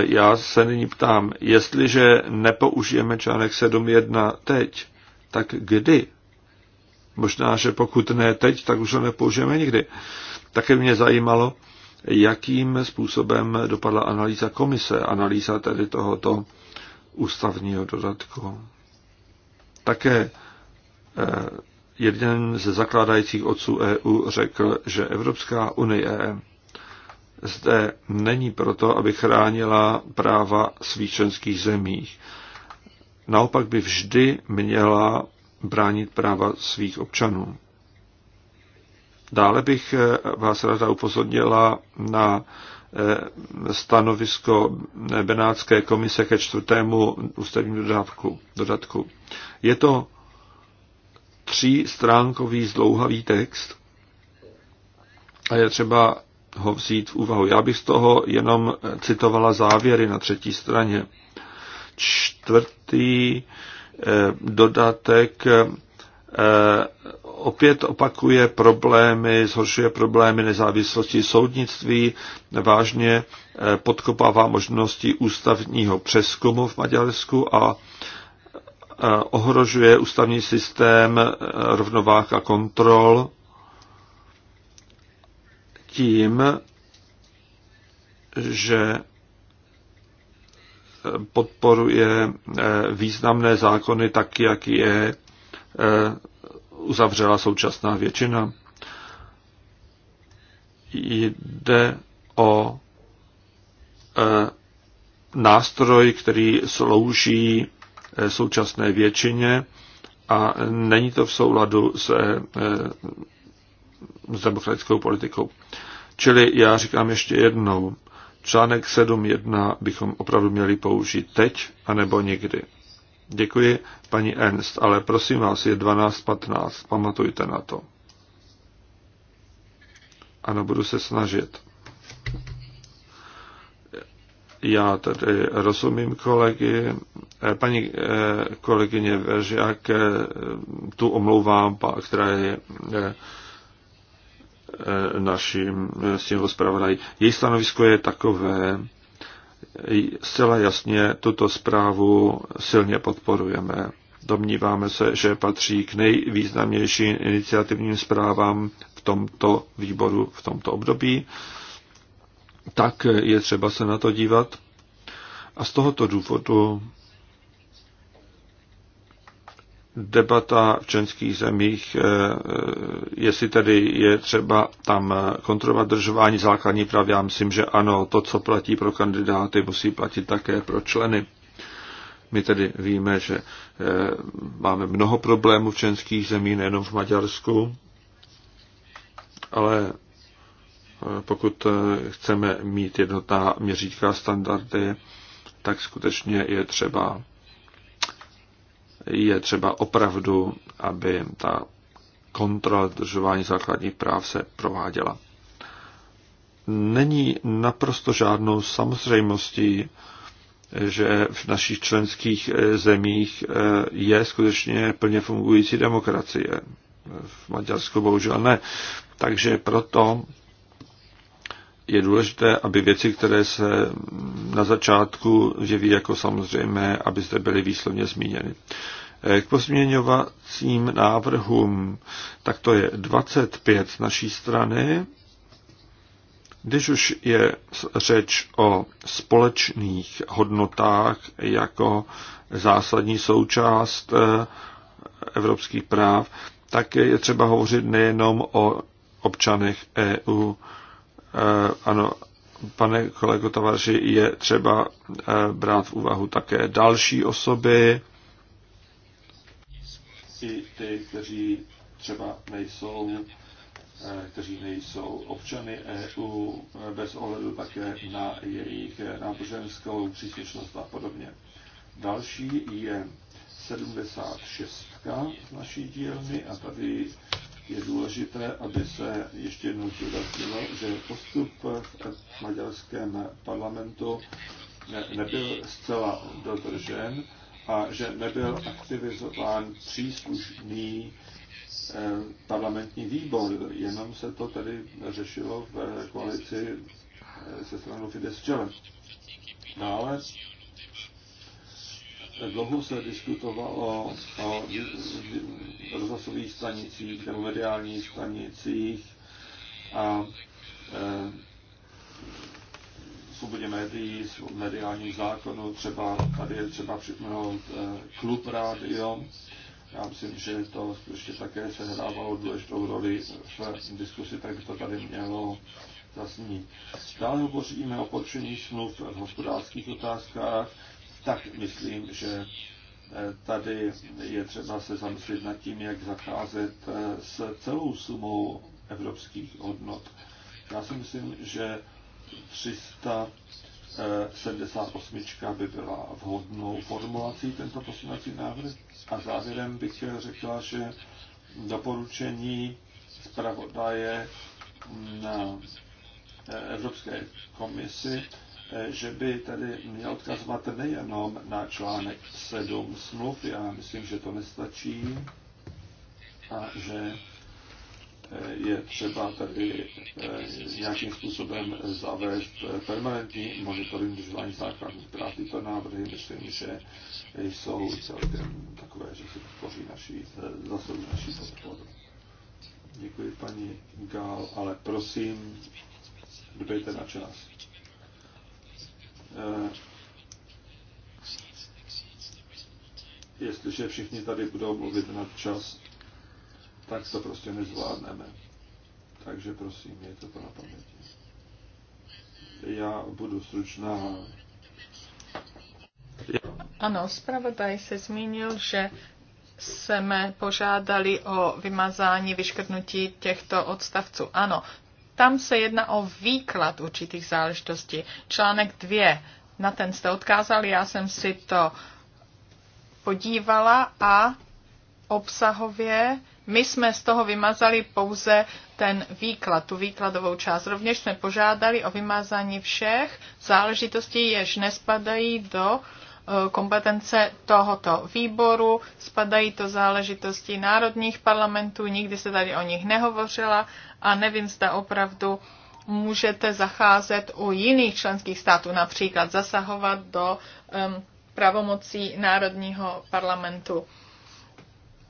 já se nyní ptám, jestliže nepoužijeme článek 7.1 teď, tak kdy? Možná, že pokud ne teď, tak už ho nepoužijeme nikdy. Také mě zajímalo, jakým způsobem dopadla analýza komise, analýza tedy tohoto ústavního dodatku. Také eh, jeden ze zakládajících otců EU řekl, že Evropská unie zde není proto, aby chránila práva svých členských zemích. Naopak by vždy měla bránit práva svých občanů. Dále bych eh, vás rada upozornila na Eh, stanovisko Benátské komise ke čtvrtému ústavnímu dodatku. dodatku. Je to třístránkový zdlouhavý text a je třeba ho vzít v úvahu. Já bych z toho jenom citovala závěry na třetí straně. Čtvrtý eh, dodatek Eh, opět opakuje problémy, zhoršuje problémy nezávislosti soudnictví, vážně eh, podkopává možnosti ústavního přeskumu v Maďarsku a eh, ohrožuje ústavní systém rovnováh a kontrol tím, že podporuje významné zákony tak, jak je Eh, uzavřela současná většina. Jde o eh, nástroj, který slouží eh, současné většině a není to v souladu se, s demokratickou politikou. Čili já říkám ještě jednou, článek 7.1 bychom opravdu měli použít teď, anebo nikdy. Děkuji, paní Ernst, ale prosím vás, je 12.15, pamatujte na to. Ano, budu se snažit. Já tady rozumím kolegy, eh, paní eh, kolegyně Veržiak, eh, tu omlouvám, která je naším sněhospravodají. Její stanovisko je takové, zcela jasně tuto zprávu silně podporujeme. Domníváme se, že patří k nejvýznamnějším iniciativním zprávám v tomto výboru v tomto období. Tak je třeba se na to dívat. A z tohoto důvodu debata v členských zemích, eh, eh, jestli tedy je třeba tam eh, kontrolovat držování základní práv. Já myslím, že ano, to, co platí pro kandidáty, musí platit také pro členy. My tedy víme, že máme mnoho problémů v členských zemích, nejenom v Maďarsku, ale pokud chceme mít jednotná měřítka standardy, tak skutečně je třeba je třeba opravdu, aby ta kontrola dodržování základních práv se prováděla. Není naprosto žádnou samozřejmostí, že v našich členských eh, zemích eh, je skutečně plně fungující demokracie. V Maďarsku bohužel ne. Takže proto je důležité, aby věci, které se na začátku jeví jako samozřejmé, aby zde byly výslovně zmíněny. Eh, k posměňovacím návrhům, tak to je 25 z naší strany. Když už je řeč o společných hodnotách jako zásadní součást eh, evropských práv, tak je třeba hovořit nejenom o občanech EU, Eh, ano, pane kolego Tavaři, je třeba eh, brát v úvahu také další osoby, i ty, kteří třeba nejsou, eh, kteří nejsou občany EU, bez ohledu také na jejich náboženskou příslušnost a podobně. Další je 76 naší dílny a tady je důležité, aby se ještě jednou zdůraznilo, že postup v maďarském parlamentu nebyl zcela dodržen a že nebyl aktivizován příslušný eh, parlamentní výbor, jenom se to tedy řešilo v koalici eh, se stranou Fidesz čele. Dále Dlouho se diskutovalo o rozhlasových stanicích nebo mediálních stanicích a e, svobodě médií, mediálních zákonů, třeba tady je třeba připomenout e, klub rádio. Já myslím, že to skutečně také se hrávalo důležitou roli v diskusi, tak by to tady mělo zasnít. Dále hovoříme o porušení smluv v hospodářských otázkách tak myslím, že eh, tady je třeba se zamyslet nad tím, jak zacházet eh, s celou sumou evropských hodnot. Já si myslím, že 378 eh, by byla vhodnou formulací tento posunací návrh. A závěrem bych řekla, že doporučení zpravodaje na Evropské komisi Eh, že by tady měl odkazovat nejenom na článek 7 smluv, já myslím, že to nestačí a že eh, je třeba tady eh, nějakým způsobem zavést permanentní monitoring dodržování základních práv. Tyto návrhy myslím, že jsou celkem takové, že se podpoří naší, zasluhují naší podporu. Děkuji paní Gál, ale prosím, dbejte na čas. Eh, jestliže všichni tady budou mluvit nad čas, tak to prostě nezvládneme. Takže prosím, je to na paměti. Já budu stručná. Ano, zpravodaj se zmínil, že jsme požádali o vymazání, vyškrtnutí těchto odstavců. Ano, tam se jedná o výklad určitých záležitostí. Článek 2, na ten jste odkázali, já jsem si to podívala a obsahově my jsme z toho vymazali pouze ten výklad, tu výkladovou část. Rovněž jsme požádali o vymazání všech záležitostí, jež nespadají do uh, Eh, kompetence tohoto výboru, spadají to záležitosti národních parlamentů, nikdy se tady o nich nehovořila a nevím, zda opravdu můžete zacházet u jiných členských států, například zasahovat do um, pravomocí národního parlamentu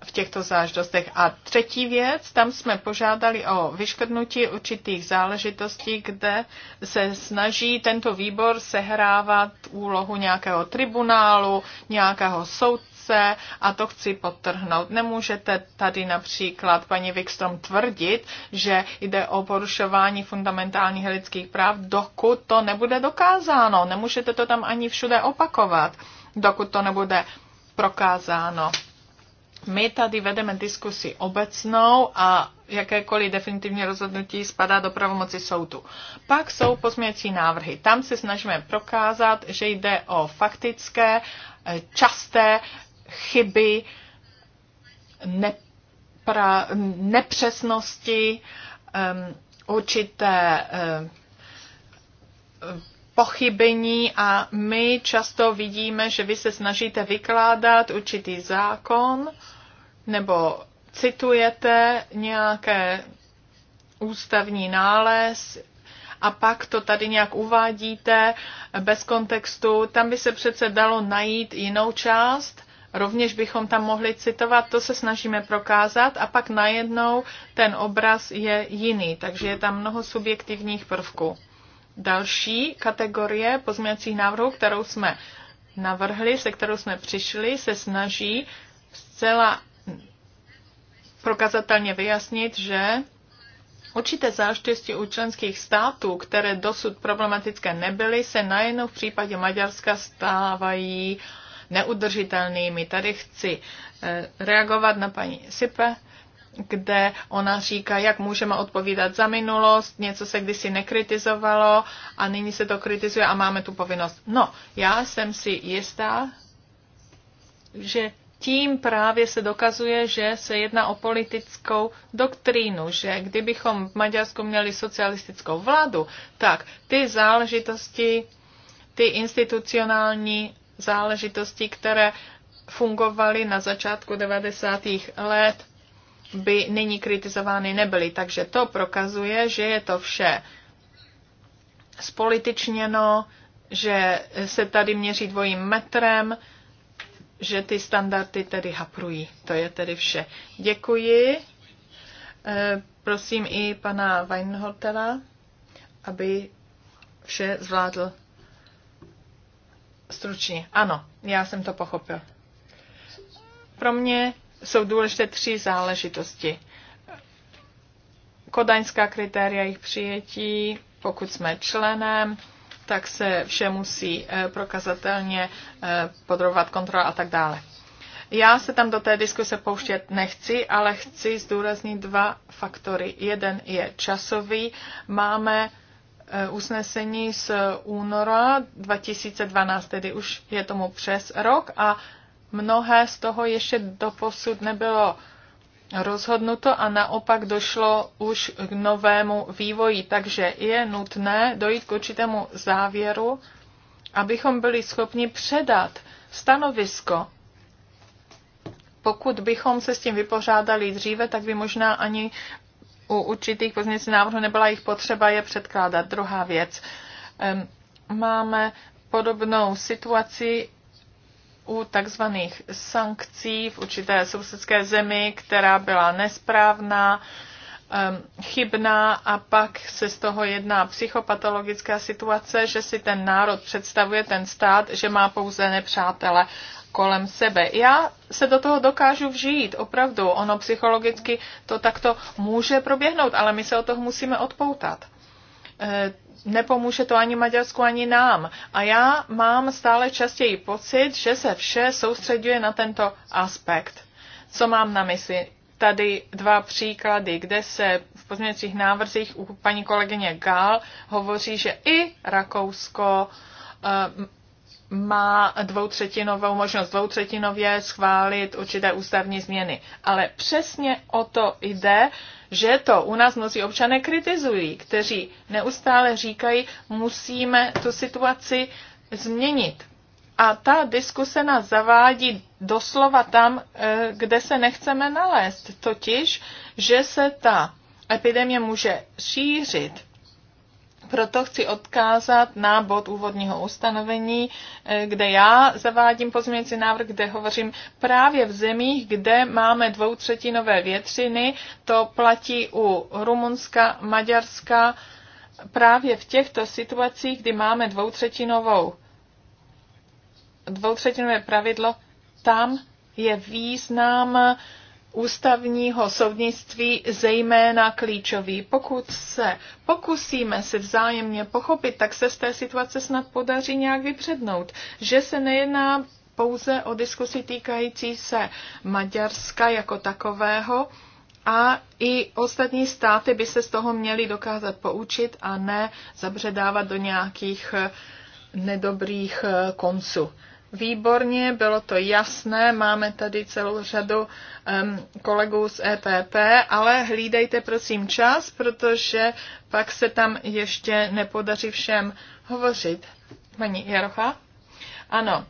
v těchto záždostech. A třetí věc, tam jsme požádali o vyškrtnutí určitých záležitostí, kde se snaží tento výbor sehrávat úlohu nějakého tribunálu, nějakého soudce a to chci podtrhnout. Nemůžete tady například paní Wikstrom tvrdit, že jde o porušování fundamentálních lidských práv, dokud to nebude dokázáno. Nemůžete to tam ani všude opakovat, dokud to nebude prokázáno my tady vedeme diskusi obecnou a jakékoliv definitivní rozhodnutí spadá do pravomoci soudu. Pak jsou pozměňovací návrhy. Tam se snažíme prokázat, že jde o faktické, eh, časté chyby, nepra, nepřesnosti, um, určité um, pochybení a my často vidíme, že vy se snažíte vykládat určitý zákon, nebo citujete nějaké ústavní nález a pak to tady nějak uvádíte bez kontextu, tam by se přece dalo najít jinou část, rovněž bychom tam mohli citovat, to se snažíme prokázat a pak najednou ten obraz je jiný, takže je tam mnoho subjektivních prvků. Další kategorie pozměňovacích návrhů, kterou jsme navrhli, se kterou jsme přišli, se snaží zcela prokazatelně vyjasnit, že Určité záštěstí u členských států, které dosud problematické nebyly, se najednou v případě Maďarska stávají neudržitelnými. Tady chci eh, reagovat na paní Sipe, kde ona říká, jak můžeme odpovídat za minulost, něco se kdysi nekritizovalo a nyní se to kritizuje a máme tu povinnost. No, já jsem si jistá, že tím právě se dokazuje, že se jedná o politickou doktrínu, že kdybychom v Maďarsku měli socialistickou vládu, tak ty záležitosti, ty institucionální záležitosti, které fungovaly na začátku 90. let, by nyní kritizovány nebyly. Takže to prokazuje, že je to vše spolitičněno, že se tady měří dvojím metrem, že ty standardy tedy haprují. To je tedy vše. Děkuji. Eh, prosím i pana Weinhortela, aby vše zvládl stručně. Ano, já jsem to pochopil. Pro mě jsou důležité tři záležitosti. Kodaňská kritéria jejich přijetí, pokud jsme členem, tak se vše musí eh, prokazatelně eh, podrobovat kontrola a tak dále. Já se tam do té diskuse pouštět nechci, ale chci zdůraznit dva faktory. Jeden je časový. Máme eh, usnesení z února 2012, tedy už je tomu přes rok a mnohé z toho ještě doposud nebylo rozhodnuto a naopak došlo už k novému vývoji. Takže je nutné dojít k určitému závěru, abychom byli schopni předat stanovisko. Pokud bychom se s tím vypořádali dříve, tak by možná ani u určitých pozměňovacích návrhů nebyla jich potřeba je předkládat. Druhá věc. Máme podobnou situaci u takzvaných sankcí v určité sousedské zemi, která byla nesprávná, chybná a pak se z toho jedná psychopatologická situace, že si ten národ představuje, ten stát, že má pouze nepřátele kolem sebe. Já se do toho dokážu vžít, opravdu. Ono psychologicky to takto může proběhnout, ale my se od toho musíme odpoutat eh, nepomůže to ani Maďarsku, ani nám. A já mám stále častěji pocit, že se vše soustředuje na tento aspekt. Co mám na mysli? Tady dva příklady, kde se v pozměňovacích návrzích u paní kolegyně Gál hovoří, že i Rakousko eh, má dvoutřetinovou možnost dvoutřetinově schválit určité ústavní změny. Ale přesně o to jde, že to u nás mnozí občané kritizují, kteří neustále říkají, musíme tu situaci změnit. A ta diskuse nás zavádí doslova tam, eh, kde se nechceme nalézt, totiž, že se ta epidemie může šířit proto chci odkázat na bod úvodního ustanovení, eh, kde já zavádím pozměňující návrh, kde hovořím právě v zemích, kde máme dvoutřetinové větřiny. To platí u Rumunska, Maďarska. Právě v těchto situacích, kdy máme dvoutřetinovou dvoutřetinové pravidlo, tam je význam ústavního soudnictví zejména klíčový. Pokud se pokusíme se vzájemně pochopit, tak se z té situace snad podaří nějak vypřednout, že se nejedná pouze o diskusi týkající se Maďarska jako takového, a i ostatní státy by se z toho měly dokázat poučit a ne zabředávat do nějakých nedobrých konců výborně, bylo to jasné, máme tady celou řadu um, kolegů z EPP, ale hlídejte prosím čas, protože pak se tam ještě nepodaří všem hovořit. Paní Jarocha? Ano.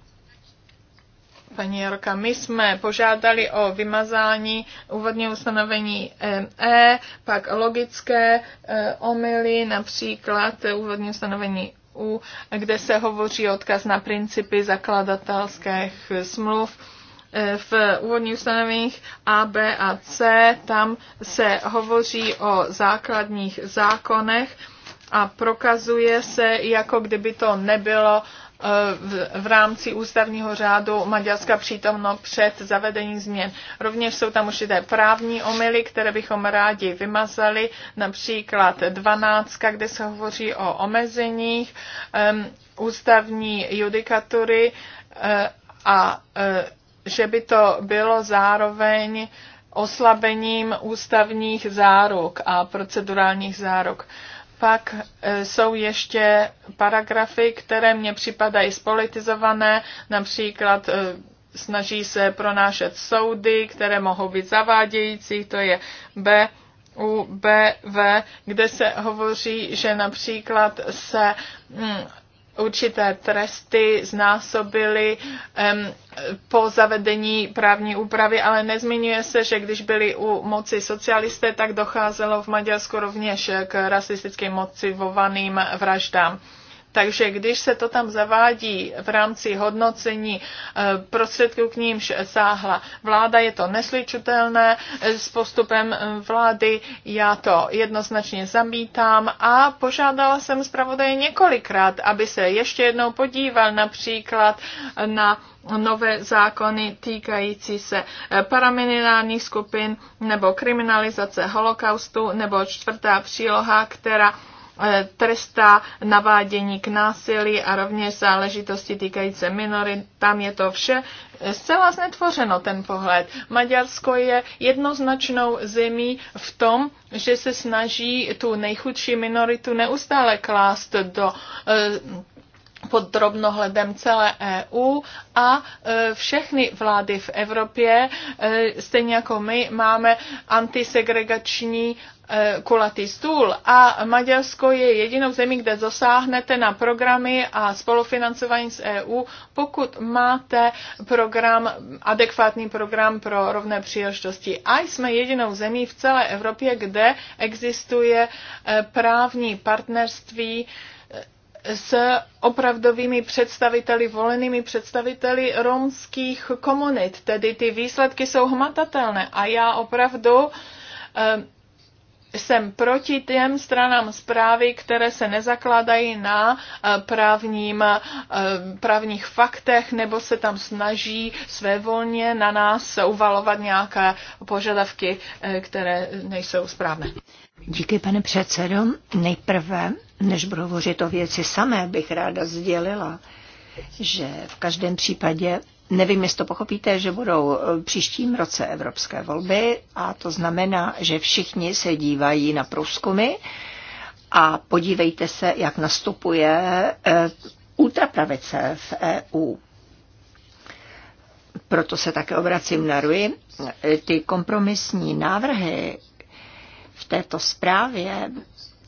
Paní Jarocha, my jsme požádali o vymazání úvodního ustanovení E, pak logické e, eh, omily, například úvodní ustanovení EU, kde se hovoří odkaz na principy zakladatelských smluv eh, v úvodních ustanoveních A, B a C, tam se hovoří o základních zákonech a prokazuje se, jako kdyby to nebylo uh, v rámci ústavního řádu Maďarska přítomno před zavedením změn. Rovněž jsou tam určité právní omily, které bychom rádi vymazali, například 12, kde se hovoří o omezeních ústavní judikatury eh, a eh, že by to bylo zároveň oslabením ústavních záruk a procedurálních záruk. Pak e, jsou ještě paragrafy, které mně připadají spolitizované, například e, snaží se pronášet soudy, které mohou být zavádějící, to je B u BV, kde se hovoří, že například se mm, určité tresty znásobily um, po zavedení právní úpravy, ale nezmiňuje se, že když byli u moci socialisté, tak docházelo v Maďarsku rovněž k rasisticky motivovaným vraždám. Takže když se to tam zavádí v rámci hodnocení eh, prostředků, k nímž sáhla vláda, je to neslučitelné s postupem eh, vlády, já to jednoznačně zamítám a požádala jsem zpravodaje několikrát, aby se ještě jednou podíval například na nové zákony týkající se eh, paramilitárních skupin nebo kriminalizace holokaustu nebo čtvrtá příloha, která Eh, trestá navádění k násilí a rovněž záležitosti týkající minorit. Tam je to vše eh, zcela znetvořeno, ten pohled. Maďarsko je jednoznačnou zemí v tom, že se snaží tu nejchudší minoritu neustále klást do eh, pod drobnohledem celé EU a všechny vlády v Evropě, stejně jako my, máme antisegregační E, kulatý stůl a Maďarsko je jedinou zemí, kde zasáhnete na programy a spolufinancování z EU, pokud máte program, adekvátní program pro rovné příležitosti. A jsme jedinou zemí v celé Evropě, kde existuje e, právní partnerství e, s opravdovými představiteli, volenými představiteli romských komunit. Tedy ty výsledky jsou hmatatelné a já opravdu jsem proti těm stranám zprávy, které se nezakládají na eh, právním, eh, právních faktech nebo se tam snaží svévolně na nás uvalovat nějaké požadavky, eh, které nejsou správné. Díky, pane předsedo. Nejprve, než budu hovořit o věci samé, bych ráda sdělila, že v každém případě Nevím, jestli to pochopíte, že budou eh, příštím roce evropské volby a to znamená, že všichni se dívají na průzkumy a podívejte se, jak nastupuje eh, ultrapravice v EU. Proto se také obracím na Rui. Eh, ty kompromisní návrhy v této zprávě,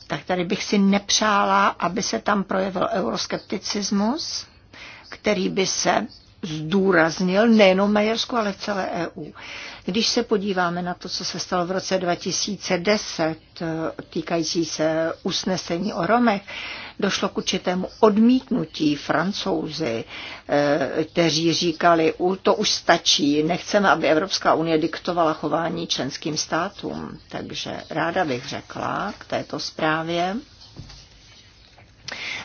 tak tady bych si nepřála, aby se tam projevil euroskepticismus, který by se zdůraznil nejenom Maďarsku, ale v celé EU. Když se podíváme na to, co se stalo v roce 2010 eh, týkající se usnesení o Romech, došlo k určitému odmítnutí francouzi, eh, kteří říkali, to už stačí, nechceme, aby Evropská unie diktovala chování členským státům. Takže ráda bych řekla k této zprávě,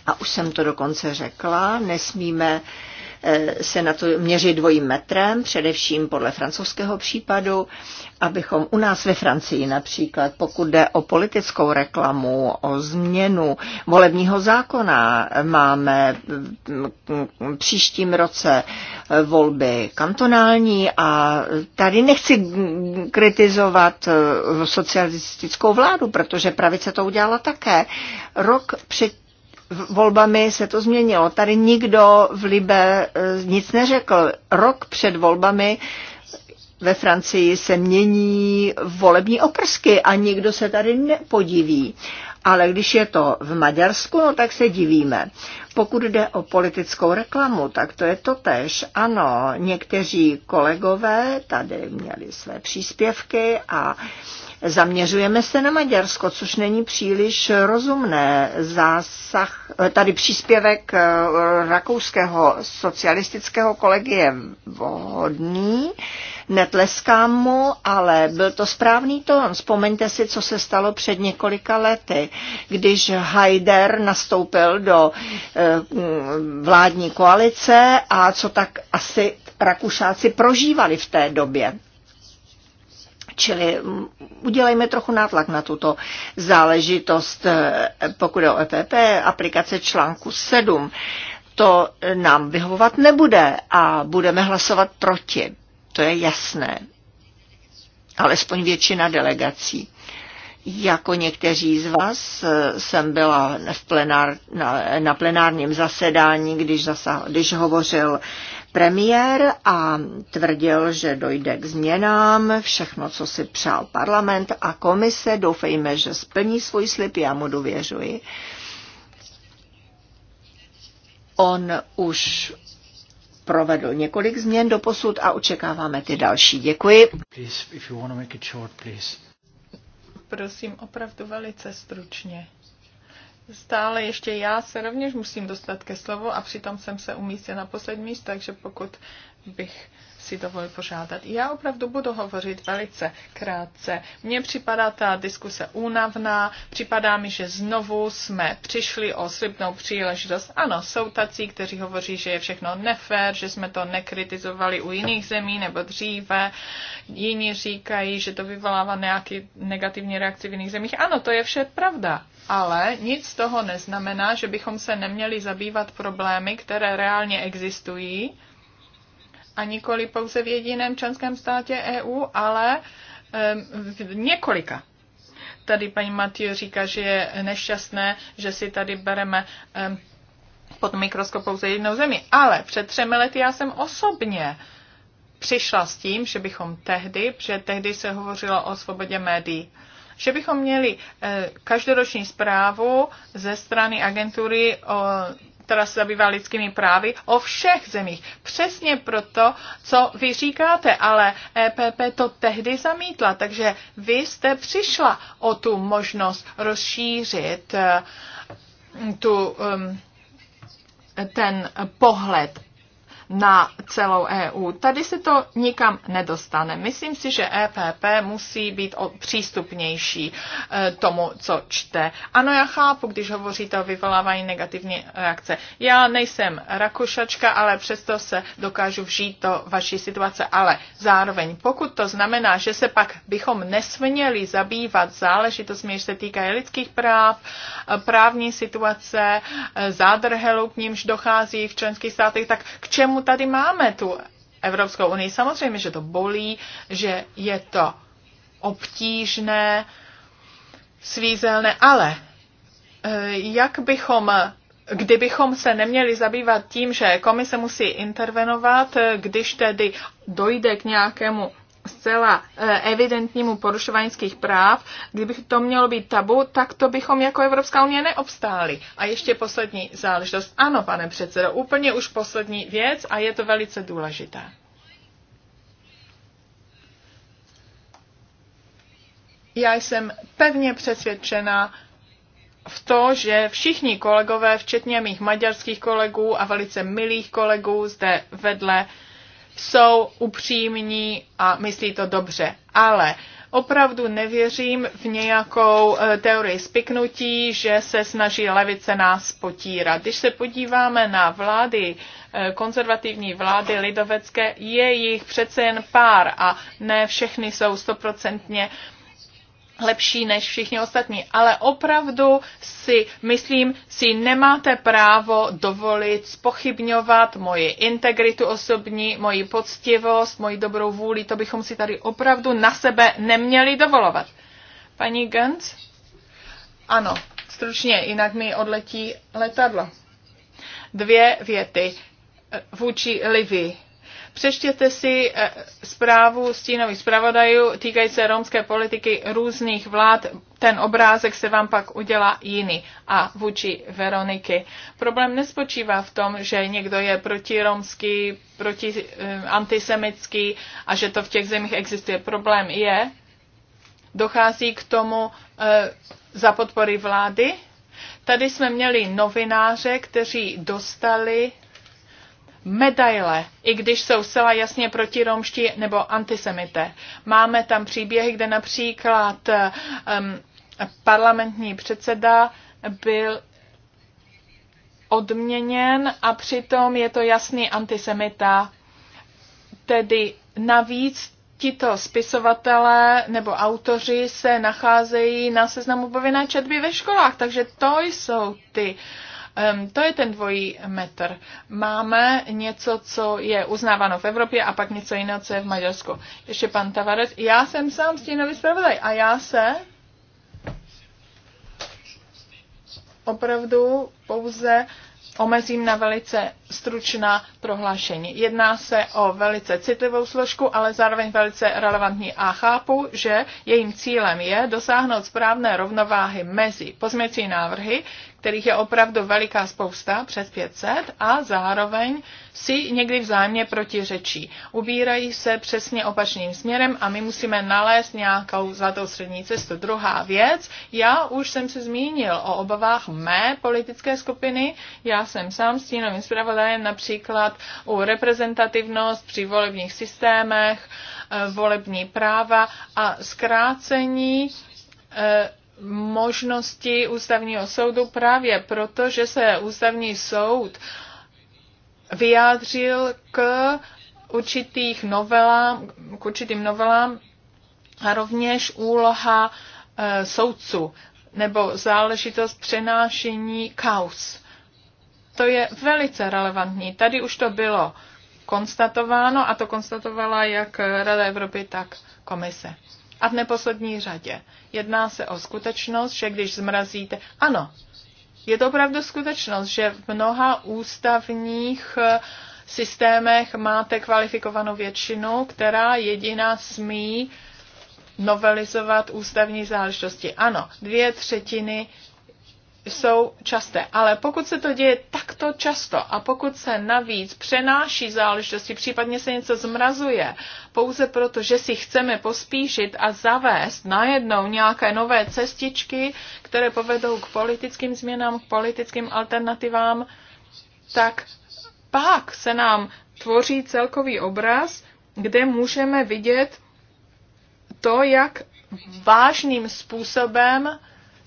a už jsem to dokonce řekla, nesmíme Eh, se na to měří dvojím metrem, především podle francouzského případu, abychom u nás ve Francii například, pokud jde o politickou reklamu, o změnu volebního zákona, máme příštím roce volby kantonální a tady nechci kritizovat eh, socialistickou vládu, protože pravice to udělala také. Rok před volbami se to změnilo. Tady nikdo v Libe eh, nic neřekl. Rok před volbami ve Francii se mění volební oprsky a nikdo se tady nepodiví. Ale když je to v Maďarsku, no tak se divíme. Pokud jde o politickou reklamu, tak to je to tež. Ano, někteří kolegové tady měli své příspěvky a zaměřujeme se na Maďarsko, což není příliš rozumné. Zásah, tady příspěvek eh, rakouského socialistického kolegy je vhodný. Netleskám mu, ale byl to správný tón. Vzpomeňte si, co se stalo před několika lety, když Haider nastoupil do eh, vládní koalice a co tak asi Rakušáci prožívali v té době. Čili mm, udělejme trochu nátlak na tuto záležitost, eh, pokud je o EPP, aplikace článku 7. To nám vyhovovat nebude a budeme hlasovat proti. To je jasné. Alespoň většina delegací. Jako někteří z vás eh, jsem byla v plenár, na, na plenárním zasedání, když, zasa, když hovořil premiér a tvrdil, že dojde k změnám, všechno, co si přál parlament a komise. Doufejme, že splní svůj slib, já mu dověřuji. On už provedl několik změn do posud a očekáváme ty další. Děkuji. Prosím, opravdu velice stručně. Stále ještě já se rovněž musím dostat ke slovu a přitom jsem se umístila na poslední místo, takže pokud bych si dovolil požádat. Já opravdu budu hovořit velice krátce. Mně připadá ta diskuse únavná, připadá mi, že znovu jsme přišli o slibnou příležitost. Ano, jsou tací, kteří hovoří, že je všechno nefér, že jsme to nekritizovali u jiných zemí nebo dříve. Jiní říkají, že to vyvolává nějaký negativní reakci v jiných zemích. Ano, to je vše pravda. Ale nic z toho neznamená, že bychom se neměli zabývat problémy, které reálně existují a nikoli pouze v jediném členském státě EU, ale v několika. Tady paní Matiu říká, že je nešťastné, že si tady bereme pod mikroskop pouze jednou zemi. Ale před třemi lety já jsem osobně přišla s tím, že bychom tehdy, že tehdy se hovořilo o svobodě médií, že bychom měli eh, každoroční zprávu ze strany agentury o která se zabývá lidskými právy, o všech zemích. Přesně proto, co vy říkáte, ale EPP to tehdy zamítla, takže vy jste přišla o tu možnost rozšířit eh, tu, ehm, ten pohled na celou EU. Tady se to nikam nedostane. Myslím si, že EPP musí být přístupnější e, tomu, co čte. Ano, já chápu, když hovoříte o vyvolávání negativní reakce. Já nejsem rakušačka, ale přesto se dokážu vžít do vaší situace. Ale zároveň, pokud to znamená, že se pak bychom nesměli zabývat záležitostmi, se týkají lidských práv, e, právní situace, e, zádrhelů, k nímž dochází v členských státech, tak k čemu tomu tady máme tu Evropskou unii. Samozřejmě, že to bolí, že je to obtížné, svízelné, ale eh, jak bychom kdybychom se neměli zabývat tím, že komise musí intervenovat, eh, když tedy dojde k nějakému zcela eh, evidentnímu porušování lidských práv, kdyby to mělo být tabu, tak to bychom jako Evropská unie neobstáli. A ještě poslední záležitost. Ano, pane předsedo, úplně už poslední věc a je to velice důležité. Já jsem pevně přesvědčena, v to, že všichni kolegové, včetně mých maďarských kolegů a velice milých kolegů zde vedle, jsou upřímní a myslí to dobře. Ale opravdu nevěřím v nějakou eh, teorii spiknutí, že se snaží levice nás potírat. Když se podíváme na vlády, eh, konzervativní vlády lidovecké, je jich přece jen pár a ne všechny jsou stoprocentně lepší než všichni ostatní. Ale opravdu si, myslím, si nemáte právo dovolit spochybňovat moji integritu osobní, moji poctivost, moji dobrou vůli. To bychom si tady opravdu na sebe neměli dovolovat. Paní Gantz? Ano, stručně, jinak mi odletí letadlo. Dvě věty eh, vůči Livy. Přeštěte si eh, zprávu stínových zpravodajů týkající se romské politiky různých vlád. Ten obrázek se vám pak udělá jiný. A vůči Veroniky. Problém nespočívá v tom, že někdo je protiromský, proti eh, antisemický a že to v těch zemích existuje. Problém je, dochází k tomu eh, za podpory vlády. Tady jsme měli novináře, kteří dostali medaile, i když jsou zcela jasně romští nebo antisemité. Máme tam příběhy, kde například um, parlamentní předseda byl odměněn a přitom je to jasný antisemita. Tedy navíc tito spisovatelé nebo autoři se nacházejí na seznamu povinné četby ve školách, takže to jsou ty uh, to je ten dvojí metr. Máme něco, co je uznáváno v Evropě a pak něco jiného, co je v Maďarsku. Ještě pan Tavares. Já jsem sám stínový zpravodaj a já se opravdu pouze omezím na velice stručná prohlášení. Jedná se o velice citlivou složku, ale zároveň velice relevantní a chápu, že jejím cílem je dosáhnout správné rovnováhy mezi pozměcí návrhy, kterých je opravdu veliká spousta, přes 500, a zároveň si někdy vzájemně protiřečí. Ubírají se přesně opačným směrem a my musíme nalézt nějakou zlatou střední cestu. Druhá věc, já už jsem se zmínil o obavách mé politické skupiny, já jsem sám stínovým zpravodajem například u reprezentativnost při volebních systémech, eh, volební práva a zkrácení eh, možnosti ústavního soudu právě proto, že se ústavní soud vyjádřil k určitých novelám, k určitým novelám a rovněž úloha e, soudců nebo záležitost přenášení kaus. To je velice relevantní. Tady už to bylo konstatováno a to konstatovala jak Rada Evropy, tak komise. A v neposlední řadě jedná se o skutečnost, že když zmrazíte, ano, je to opravdu skutečnost, že v mnoha ústavních eh, systémech máte kvalifikovanou většinu, která jediná smí novelizovat ústavní záležitosti. Ano, dvě třetiny jsou časté. Ale pokud se to děje takto často a pokud se navíc přenáší záležitosti, případně se něco zmrazuje, pouze proto, že si chceme pospíšit a zavést najednou nějaké nové cestičky, které povedou k politickým změnám, k politickým alternativám, tak pak se nám tvoří celkový obraz, kde můžeme vidět to, jak vážným způsobem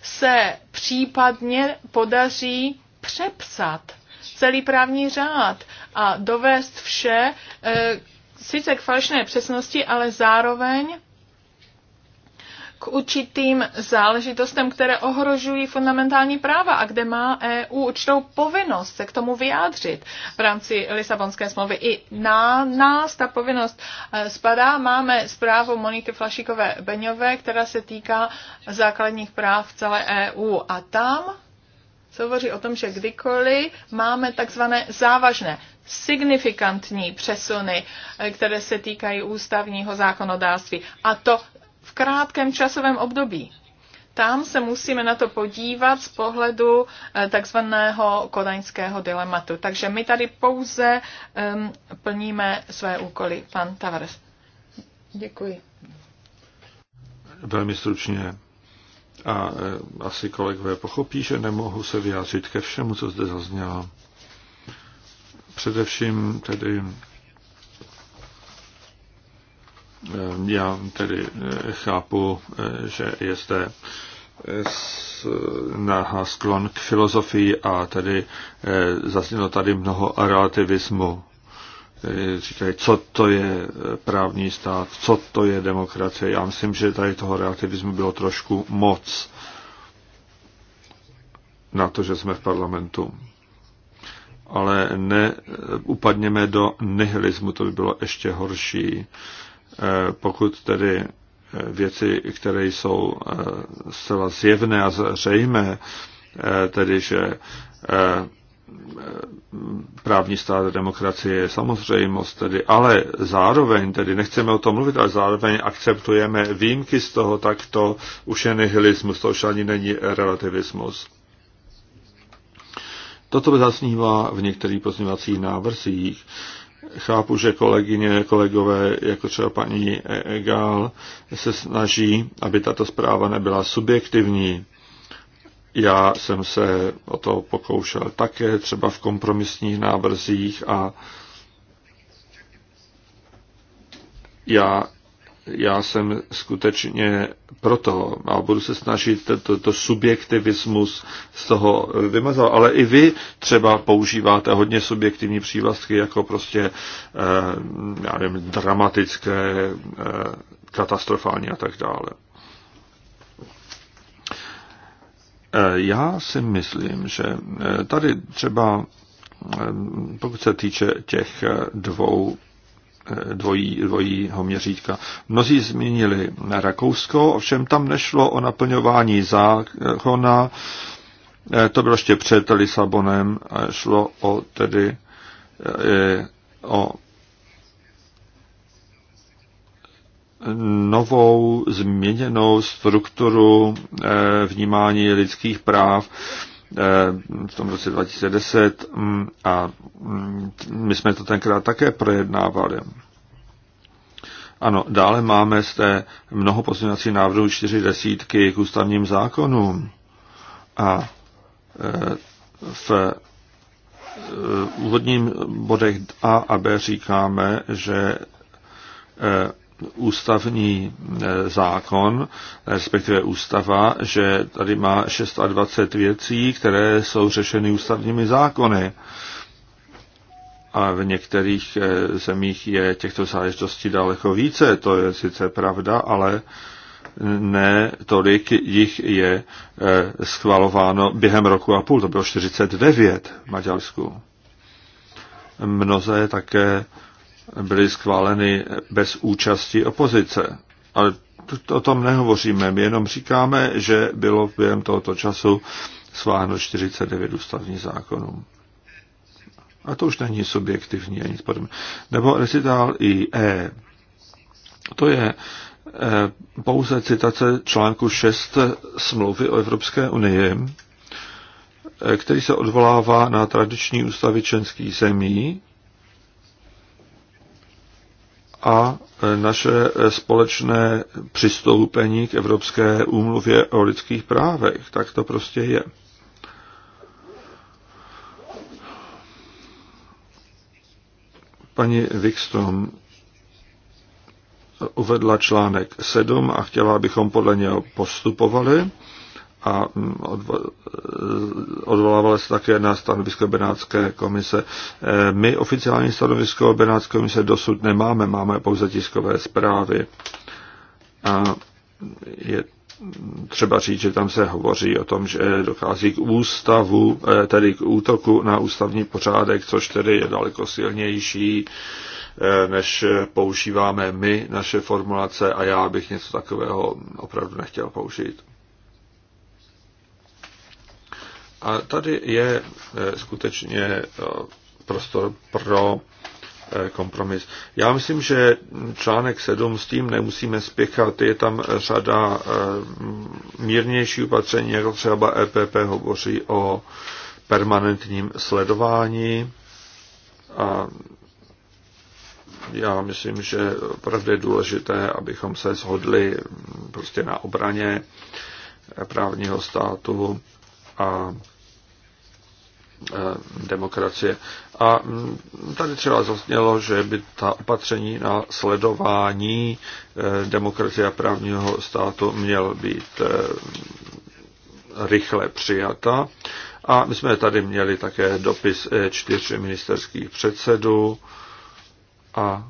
se případně podaří přepsat celý právní řád a dovést vše eh, sice k falešné přesnosti, ale zároveň k určitým záležitostem, které ohrožují fundamentální práva a kde má EU určitou povinnost se k tomu vyjádřit v rámci Lisabonské smlouvy. I na nás ta povinnost eh, spadá. Máme zprávu Moniky Flašikové Beňové, která se týká základních práv v celé EU a tam se hovoří o tom, že kdykoliv máme takzvané závažné signifikantní přesuny, eh, které se týkají ústavního zákonodárství. A to krátkém časovém období. Tam se musíme na to podívat z pohledu eh, takzvaného kodaňského dilematu. Takže my tady pouze um, plníme své úkoly. Pan Tavares. Děkuji. Velmi stručně. A eh, asi kolegové pochopí, že nemohu se vyjádřit ke všemu, co zde zaznělo. Především tedy Eh, já tedy eh, chápu, eh, že je zde na sklon k filozofii a tedy zaznělo tady mnoho relativismu. Říkají, co to je právní stát, co to je demokracie. Já myslím, že tady toho relativismu bylo trošku moc na to, že jsme v parlamentu. Ale ne, do nihilismu, to by bylo ještě horší. Eh, pokud tedy eh, věci, které jsou eh, zcela zjevné a zřejmé, tedy že právní stát a demokracie je samozřejmost, tedy, ale zároveň, tedy nechceme o tom mluvit, ale zároveň akceptujeme výjimky z toho, tak to už je nihilismus, to už ani není relativismus. Toto zaznívá v některých pozměňovacích návrzích chápu, že kolegyně, kolegové, jako třeba paní Egal, se snaží, aby tato zpráva nebyla subjektivní. Já jsem se o to pokoušel také, třeba v kompromisních návrzích a já já jsem skutečně proto a budu se snažit tento to subjektivismus z toho vymazat. Ale i vy třeba používáte hodně subjektivní přívlastky jako prostě, eh, já nevím, dramatické, eh, katastrofální a tak dále. Eh, já si myslím, že eh, tady třeba eh, pokud se týče těch dvou dvojí, dvojího měřítka. Mnozí zmínili Rakousko, ovšem tam nešlo o naplňování zákona, eh, to bylo ještě před Lisabonem, eh, šlo o tedy eh, o novou změněnou strukturu vnímání lidských práv Eh, v tom roce 2010 mm, a mm, my jsme to tenkrát také projednávali. Ano, dále máme té mnoho pozměňovacích návrhů, čtyři desítky k ústavním zákonům a eh, v eh, úvodním bodech A a B říkáme, že ústavní e, zákon, respektive ústava, že tady má 26 věcí, které jsou řešeny ústavními zákony. A v některých e, zemích je těchto záležitostí daleko více, to je sice pravda, ale ne tolik jich je e, schvalováno během roku a půl, to bylo 49 v Maďarsku. Mnozé také byly schváleny bez účasti opozice. Ale o tom nehovoříme, my jenom říkáme, že bylo během tohoto času schváleno 49 ústavních zákonů. A to už není subjektivní ani podobně. Nebo recitál i E. To je e, pouze citace článku 6 smlouvy o Evropské unii, e, který se odvolává na tradiční ústavy členských zemí a naše společné přistoupení k Evropské úmluvě o lidských právech. Tak to prostě je. Paní Wikstrom uvedla článek 7 a chtěla, abychom podle něho postupovali a mm, eh, odvolávala se také na stanovisko Benátské komise. Eh, my oficiální stanovisko Benátské komise dosud nemáme, máme pouze tiskové zprávy. A je třeba říct, že tam se hovoří o tom, že dochází k ústavu, eh, tedy k útoku na ústavní pořádek, což tedy je daleko silnější, než používáme my naše formulace a já bych něco takového opravdu nechtěl použít. A tady je e, skutečně e, prostor pro e, kompromis. Já myslím, že článek 7 s tím nemusíme spěchat. Je tam řada mírnější opatření, jako třeba EPP hovoří o permanentním sledování. A já myslím, že opravdu je důležité, abychom se shodli prostě na obraně právního státu a demokracie. A tady třeba zaznělo, že by ta opatření na sledování e, demokracie a právního státu měl být e, rychle přijata. A my jsme tady měli také dopis e čtyř ministerských předsedů a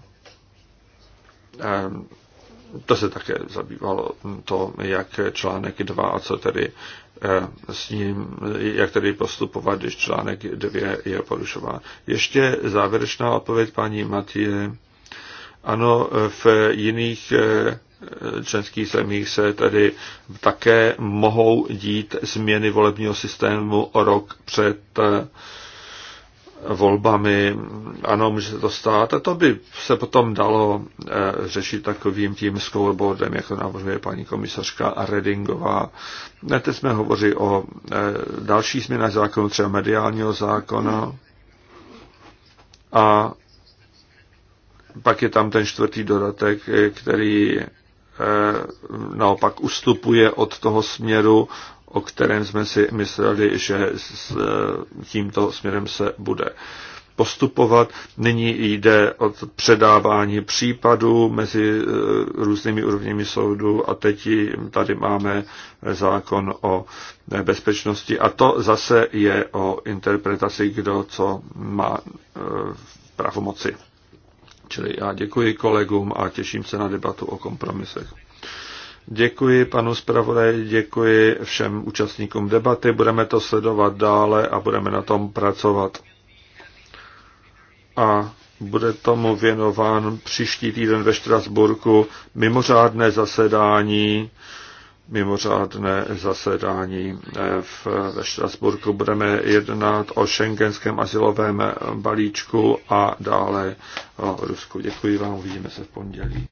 to se také zabývalo to, jak článek 2 a co tedy eh, s ním, jak tedy postupovat, když článek 2 je porušován. Ještě závěrečná odpověď paní Matie. Ano, v jiných eh, členských zemích se tedy také mohou dít změny volebního systému o rok před eh, volbami, ano, může se to stát, a to by se potom dalo eh, řešit takovým tím scoreboardem, jak to navrhuje paní komisařka Redingová. Teď jsme hovořili o eh, další změnách zákonu, třeba mediálního zákona. A pak je tam ten čtvrtý dodatek, eh, který naopak ustupuje od toho směru o kterém jsme si mysleli, že s tímto směrem se bude postupovat. Nyní jde od předávání případů mezi e, různými úrovněmi soudu a teď tady máme zákon o bezpečnosti a to zase je o interpretaci, kdo co má v e, pravomoci. Čili já děkuji kolegům a těším se na debatu o kompromisech. Děkuji panu zpravodaji, děkuji všem účastníkům debaty, budeme to sledovat dále a budeme na tom pracovat. A bude tomu věnován příští týden ve Štrasburku mimořádné zasedání mimořádné zasedání eh, v, ve Štrasburku. Budeme jednat o šengenském asilovém balíčku a dále o Rusku. Děkuji vám, uvidíme se v pondělí.